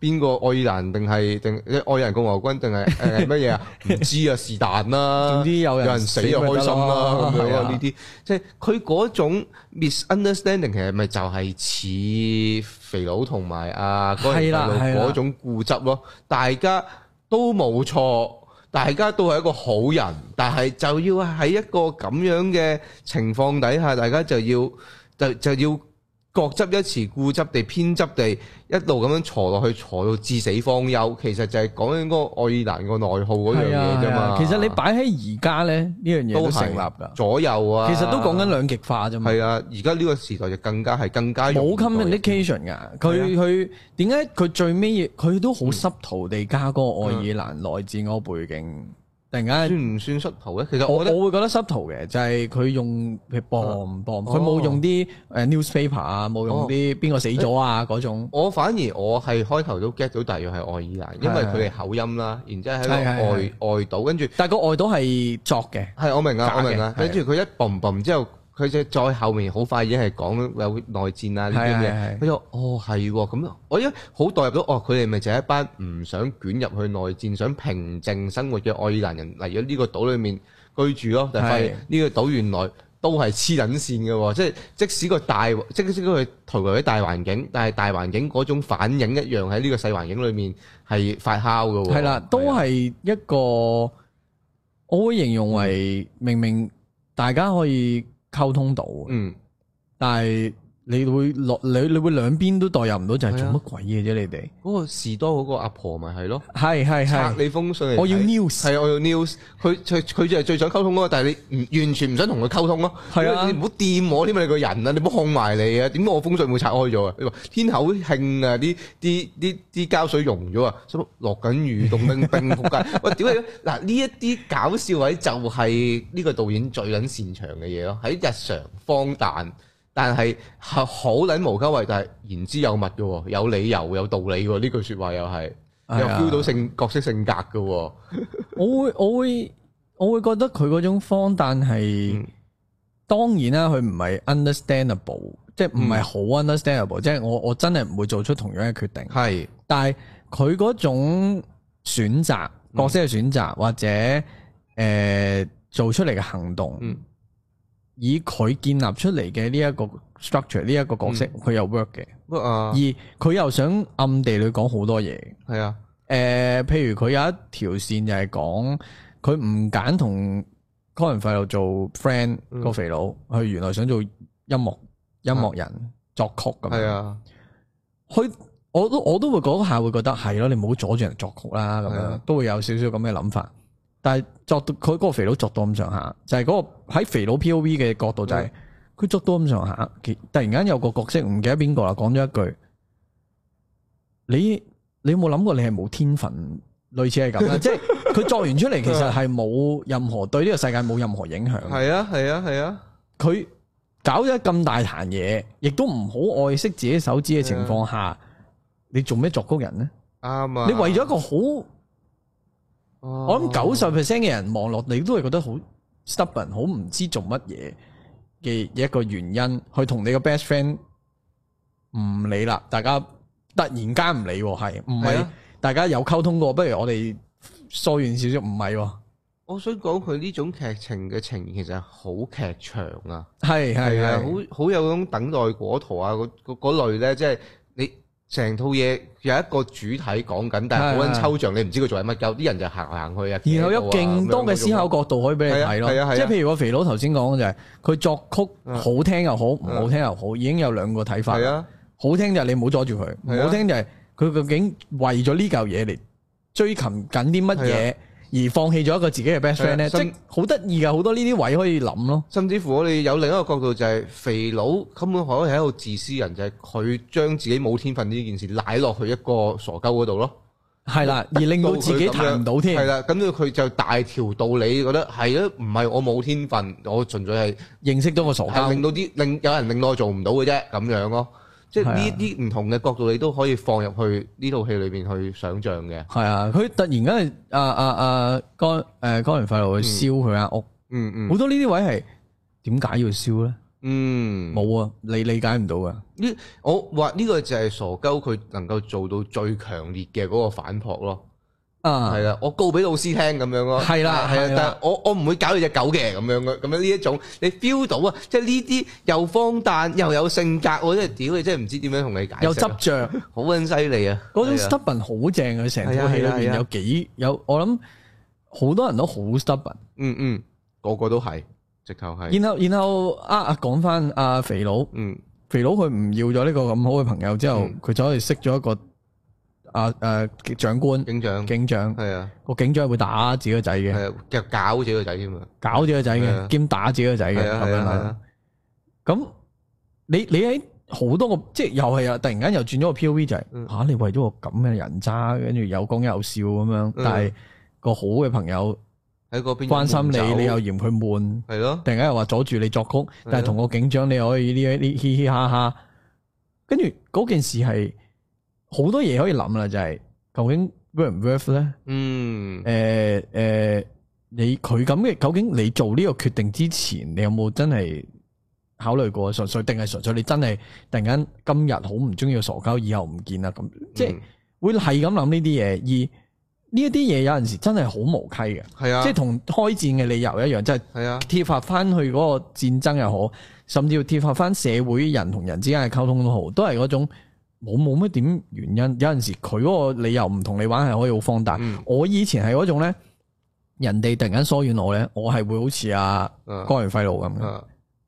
邊個愛爾蘭定係定愛爾蘭共和軍定係誒乜嘢啊？唔知啊，是但啦。 總之有人有人死就開心啦咁樣呢啲，即係佢嗰種 misunderstanding 其實咪就係似肥佬同埋阿嗰年種固執咯大。大家都冇錯，大家都係一個好人，但係就要喺一個咁樣嘅情況底下，大家就要就就要。各執一詞，固執地偏執地，一路咁樣坐落去，坐到至死方休。其實就係講緊嗰愛爾蘭個內耗嗰樣嘢啫嘛、啊啊。其實你擺喺而家咧呢樣嘢都成立噶左右啊其實都講緊兩極化啫嘛。係啊，而家呢個時代就更加係更加冇 communication 噶。佢佢點解佢最尾佢都好濕塗地加個愛爾蘭內戰嗰個背景。突然間算唔算濕圖咧？其實我我，我會覺得濕圖嘅，就係、是、佢用佢 boom 佢冇用啲誒 newspaper 啊，冇用啲邊個死咗啊嗰種。我反而我係開頭都 get 到，大約係愛爾蘭，的因為佢哋口音啦，然之後喺外外島，跟住但個外島係作嘅，係我明啊，我明啊，跟住佢一 boom boom 之後。佢就再後面好快已經係講有內戰啊呢啲嘢，佢就哦，係咁，我一好代入到哦，佢哋咪就係一班唔想捲入去內戰，想平靜生活嘅愛爾蘭人嚟咗呢個島裏面居住咯，但係呢個島原來都係黐撚線嘅，即係即使佢大，即使佢逃離喺大環境，但係大環境嗰種反應一樣喺呢個細環境裏面係發酵嘅。係啦，都係一個，我會形容為明明大家可以。溝通到，嗯，但係。你會落你你會兩邊都代入唔到，就係做乜鬼嘢啫？啊、你哋嗰個士多嗰個阿婆咪係咯，係係係，拆你封信我、啊，我要 news，係我要 news，佢佢就係最想溝通咯，但係你唔完全唔想同佢溝通咯，係啊，你唔好掂我添啊，你個人啊，你唔好控埋你啊，點解我封信會拆開咗啊？你話天口慶啊，啲啲啲啲膠水溶咗啊，落緊雨凍冰冰仆街， 喂，點解嗱呢一啲搞笑位就係呢個導演最捻擅長嘅嘢咯，喺日常荒誕。但係係好捻無交惠，但係言之有物嘅，有理由，有道理嘅。呢句說話又係、啊、又表到性角色性格嘅。 我會我會我會覺得佢嗰種荒誕係當然啦，佢唔係 understandable，即係唔、嗯、係好 understandable，即係、嗯、我我真係唔會做出同樣嘅決定。係是，但係佢嗰種選擇、嗯、角色嘅選擇或者誒、呃、做出嚟嘅行動。嗯以佢建立出嚟嘅呢一個 structure，呢一個角色，佢、嗯、有 work 嘅。w o 啊！而佢又想暗地裏講好多嘢。係啊，誒、呃，譬如佢有一條線就係講佢唔揀同 Colin 康文費又做 friend 個肥佬，佢、嗯、原來想做音樂音樂人、啊、作曲咁樣。係啊，佢我都我都會講下，會覺得係咯、啊，你唔好阻住人作曲啦咁啊，啊樣，都會有少少咁嘅諗法。但係作到佢嗰個肥佬作到咁上下，就係、是、嗰個喺肥佬 POV 嘅角度，就係佢作到咁上下。突然間有個角色唔記得邊個啦，講咗一句：你你有冇諗過你係冇天分？類似係咁啦， 即係佢作完出嚟，其實係冇任何 對呢個世界冇任何影響。係啊係啊係啊！佢、啊啊、搞咗咁大壇嘢，亦都唔好愛惜自己手指嘅情況下，啊、你做咩作曲人呢？啱啊！你為咗一個好。我諗九十 percent 嘅人望落，你都係覺得好 stubborn，好唔知做乜嘢嘅一個原因，去同你個 best friend 唔理啦。大家突然間唔理，係唔係？大家有溝通過，不如我哋疏遠少少，唔係。我想講佢呢種劇情嘅情形，其實好劇場啊，係係係，好好有種等待果陀啊，嗰嗰類咧，即係。成套嘢有一個主題講緊，但係好恩抽象，你唔知佢做緊乜。有啲人就行嚟行去啊。然後有勁多嘅思考角度可以俾你睇咯。即係譬如我肥佬頭先講嘅就係，佢作曲好聽又好，唔好聽又好，已經有兩個睇法。的好聽就係你唔好阻住佢，唔的好聽就係佢的究竟為咗呢嚿嘢嚟追尋緊啲乜嘢。而放棄咗一個自己嘅 best friend 咧的，即好得意嘅，好甚多呢啲位可以諗咯。甚至乎我哋有另一個角度就係、是、肥佬根本可唔可以係一個自私人，就係佢將自己冇天分呢件事賴落去一個傻鳩嗰度咯。係啦的，得而令到自己彈唔到添。係啦，咁佢就大條道理覺得係咯，唔係我冇天分，我純粹係認識到個傻鳩，令到啲令有人令到我做唔到嘅啫，咁樣咯。即係呢啲唔同嘅角度，你都可以放入去呢套戲裏邊去想像嘅。係啊，佢突然間啊啊乾啊乾誒乾元廢佬去燒佢間屋，嗯嗯，好多呢啲位係點解要燒咧？嗯，冇、嗯、啊，你理解唔到啊。呢我話呢個就係傻鳩，佢能夠做到最強烈嘅嗰個反撲咯。啊，係啦，我告俾老師聽咁樣咯，係啦，係啊，但係我我唔會搞你隻狗嘅，咁樣嘅。咁樣呢一種，你 feel 到啊，即係呢啲又荒誕又有性格，我真係屌你，真係唔知點樣同你解釋。又執着，好撚犀利啊！嗰種 stubborn 好正啊，成套戲裏面有幾有，我諗好多人都好 stubborn，嗯嗯，個個都係，直頭係。然後然後啊啊，講翻阿肥佬，嗯，肥佬佢唔要咗呢個咁好嘅朋友之後，佢、嗯、就可以識咗一個。啊誒，長官警長，警長係啊，個警長會打自己個仔嘅，就搞自己個仔添啊，搞自己個仔嘅，兼打自己個仔嘅，係啊係啊。咁你你喺好多個，即係又係啊！突然間又轉咗個 POV 就係吓你為咗個咁嘅人渣，跟住有講有笑咁樣，但係個好嘅朋友喺嗰邊關心你，你又嫌佢悶，係咯？突然間又話阻住你作曲，但係同個警長你可以呢一啲嘻嘻哈哈，跟住嗰件事係。好多嘢可以諗啦，就係、是、究竟 worth 唔 worth 咧？嗯，誒誒、呃呃，你佢咁嘅，究竟你做呢個決定之前，你有冇真係考慮過純粹，定係純粹你真係突然間今日好唔中意傻交，以後唔見啦咁？嗯、即係會係咁諗呢啲嘢，而呢一啲嘢有陣時真係好無稽嘅，係啊，即係同開戰嘅理由一樣，即係貼發翻去嗰個戰爭又好，甚至要貼發翻社會人同人之間嘅溝通都好，都係嗰種。我冇乜點原因，有陣時佢嗰個理由唔同你玩係可以好放大。嗯、我以前係嗰種咧，人哋突然間疏遠我咧，我係會好似阿江源輝老咁，係咁、嗯嗯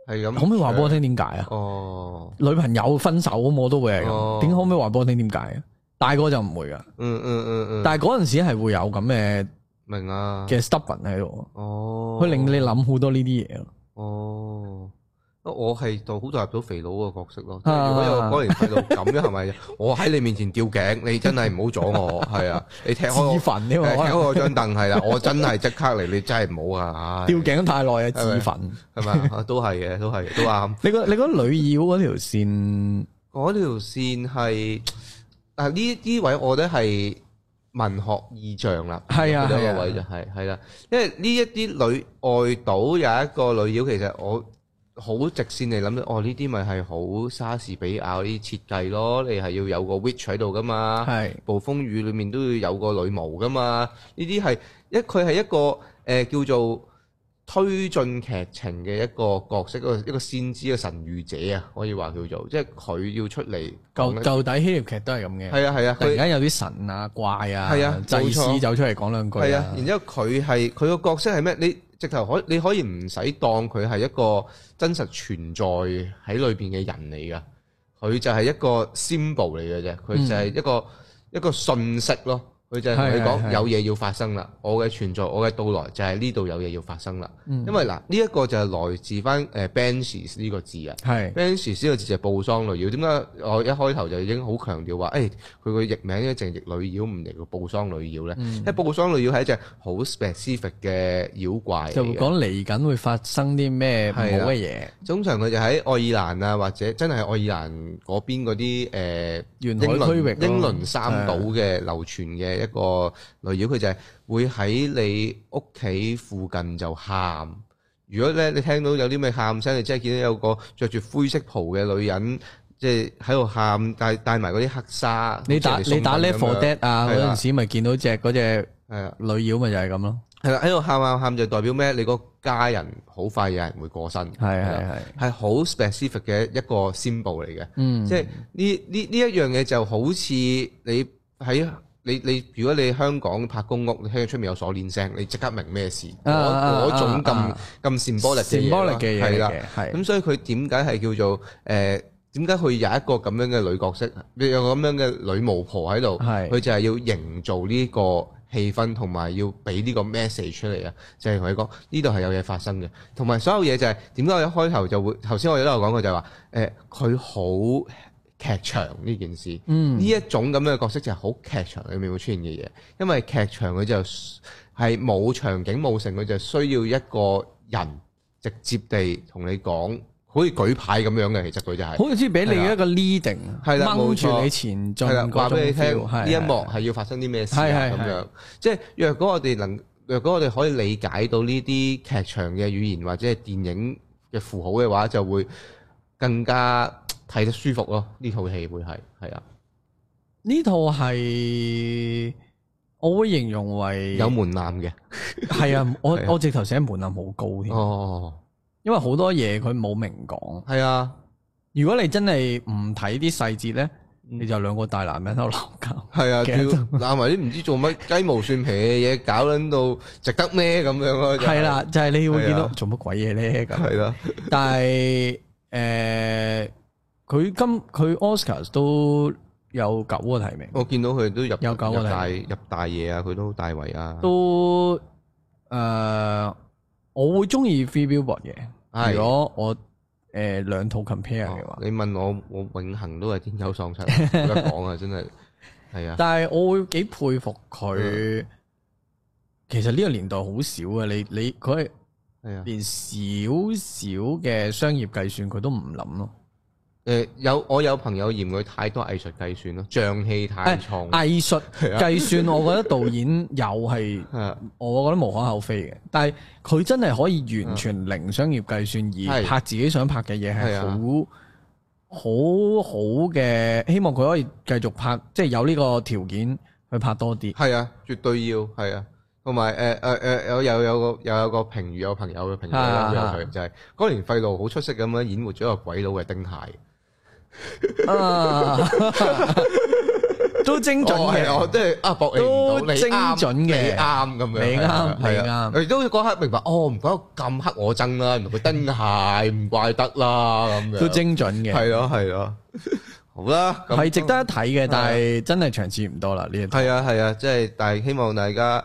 嗯嗯、可唔可以話俾我聽點解啊？哦噢，女朋友分手咁我都會係咁，點噢可唔可以話俾我聽點解？大個就唔會噶、嗯，嗯嗯嗯嗯，嗯但係嗰陣時係會有咁嘅明啊嘅 stubborn 喺度，哦噢，佢噢令你諗好多呢啲嘢咯，哦。我係到好代入到肥佬個角色咯，即係如果有嗰年睇到咁樣係咪？我喺你面前吊頸，你真係唔好阻我，係啊，你踢開我自焚添，踢開我張凳係啦，我真係即刻嚟，你真係唔好啊吓！吊頸太耐啊，自焚係咪啊？都係嘅，都係，都啱。你覺你覺得女妖嗰條線，嗰條線係啊呢呢位，我覺得係文學意象啦，係啊，呢個位就係係啦，因為呢一啲女外島有一個女妖，其實我。好直線，你諗到哦，呢啲咪係好莎士比亞啲設計咯，你係要有個 witch 喺度噶嘛，暴是風雨裡面都要有個女巫噶嘛。呢啲係一佢係一個誒、呃、叫做推進劇情嘅一個角色，一個一個先知嘅神諭者啊，可以話叫做，即係佢要出嚟，舊舊底希臘劇都係咁嘅，係啊係啊，啊突然間有啲神啊怪啊，祭、啊、司走出嚟講兩句，啊，係啊，啊，然之後佢係佢個角色係咩？你直頭可，你可以唔使當佢係一個真實存在喺裏面嘅人嚟噶，佢就係一個 symbol 嚟嘅啫，佢就係一個、嗯、一個信息咯。佢就係講有嘢要發生啦，是是是我嘅存在，我嘅到來就係呢度有嘢要發生啦。嗯、因為嗱，呢一個就係來自翻誒 Banshees 呢個字啊。係 Banshee 是 s 呢個字就係布桑、哎、女妖。點解我一開頭就已經好強調話，誒佢個譯名咧淨係女妖唔嚟叫布桑女妖咧？因布桑女妖係一隻好 specific 嘅妖怪。就講嚟緊會發生啲咩好嘅嘢。通常佢就喺愛爾蘭啊，或者真係愛爾蘭嗰邊嗰啲誒英倫英倫三島嘅流傳嘅。一個女妖佢就係會喺你屋企附近就喊，如果咧你聽到有啲咩喊聲，你即係見到有個着住灰色袍嘅女人，即係喺度喊，帶帶埋嗰啲黑沙。你打你打呢個 for dead 啊，嗰陣，啊、時，咪見到隻嗰隻誒女妖咪就係咁咯。係啦、啊，喺度喊喊喊就代表咩？你個家人好快有人會過身。係係係，係好、啊、specific 嘅一個宣布嚟嘅。嗯，即係呢呢呢一樣嘢就好似你喺。你你如果你香港拍公屋，你聽到出面有鎖鏈聲，你即刻明咩事？嗰嗰、啊、種咁咁閃玻璃嘅嘢，係啦，係。咁、啊、所以佢點解係叫做誒？點解佢有一個咁樣嘅女角色，有個咁樣嘅女巫婆喺度，佢的就係要營造呢個氣氛，同埋要俾呢個 message 出嚟啊！就係同你講呢度係有嘢發生嘅，同埋所有嘢就係點解我一開頭就會頭先我都有講過就，就係話誒佢好。劇場呢件事，呢、嗯、一種咁樣嘅角色就係好劇場裏面會出現嘅嘢，因為劇場佢就係冇場景冇成，佢就需要一個人直接地同你講，好似舉牌咁樣嘅，其實佢就係、是，好似俾你一個 leading，係啦，拉住你前進，係啦，話俾你聽，呢一幕係要發生啲咩事啊咁樣。即係若果我哋能，若果我哋可以理解到呢啲劇場嘅語言或者係電影嘅符號嘅話，就會更加。睇得舒服咯，呢套戲會係，係啊，呢套係我會形容為有門檻嘅，係啊，我我直頭寫門檻好高添，哦、就是 oh.，因為好多嘢佢冇明講，係啊，如果你真係唔睇啲細節咧，你就兩個大男人喺度鬧交，係啊，叫，攬埋啲唔知做乜雞毛蒜皮嘅嘢，搞撚到值得咩咁樣啊？係啦，就係你會見到做乜鬼嘢咧咁，係啦，但係誒。佢今佢 Oscars 都有九個提名。我見到佢都入有九個入大入大嘢啊，佢都大位啊。都誒、呃，我會中意 Freebie 嘅。是如果我誒兩、呃、套 compare 嘅話、哦，你問我我永恒都係天高喪出，冇得講啊！真係係啊。但係我會幾佩服佢， 其實呢個年代好少啊！你你佢係連少少嘅商業計算佢都唔諗咯。誒，有、呃、我有朋友嫌佢太多藝術計算咯，匠氣太重。藝術、哎、計算，我覺得導演有係， 的我覺得無可厚非嘅。但係佢真係可以完全零商業計算而拍自己想拍嘅嘢，係的好好好嘅。希望佢可以繼續拍，即、就、係、是、有呢個條件去拍多啲。係啊，絕對要係啊。同埋誒誒誒，有有有個又有，有，有，有個評語，有朋友嘅評語的的就係、是、嗰年費路好出色咁樣演活咗個鬼佬嘅丁蟹。啊，都精準嘅，我都阿博都精準嘅，啱咁樣，啱，係啊，佢都嗰刻明白，哦，唔怪得，咁黑我憎啦，唔該燈鞋唔怪得啦，咁樣都精準嘅，係咯，係咯，好啦，係值得一睇嘅，但係真係場次唔多啦，呢係啊係啊，即係，但係希望大家。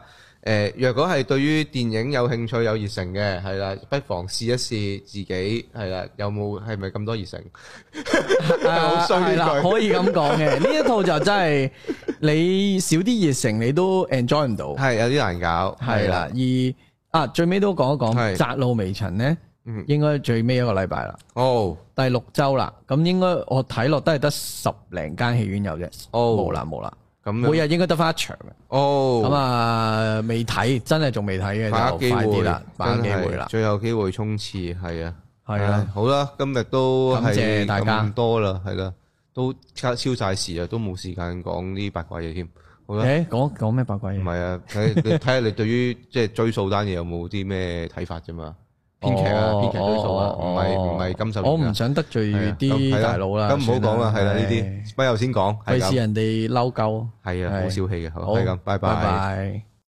誒，若果係對於電影有興趣有熱誠嘅，係啦，不妨試一試自己係啦，有冇係咪咁多熱誠？係啦，可以咁講嘅，呢一套就真係你少啲熱誠，你都 enjoy 唔到。係有啲難搞。係啦，而啊最尾都講一講《窄路微塵》咧，應該最尾一個禮拜啦。哦、嗯，第六週啦，咁應該我睇落都係得十零間戲院有啫。哦，冇啦冇啦。咁每日應該得翻一場哦，咁啊未睇，真係仲未睇嘅，有機會啦，最後機會衝刺，係啊，係啊的、哎，好啦，今日都感謝大家咁多啦，係啦，都卡超晒時啊，都冇時間講呢八卦嘢添，好啦，講講咩八卦嘢？唔係啊，睇睇下你對於即係 追數單嘢有冇啲咩睇法啫嘛。編劇啊，編劇都數啊，唔係唔係金手指。我唔想得罪啲大佬啦。咁唔好講啦，係啦呢啲，不由先講。費事人哋嬲夠。係啊，好小氣嘅，好，係咁，拜拜。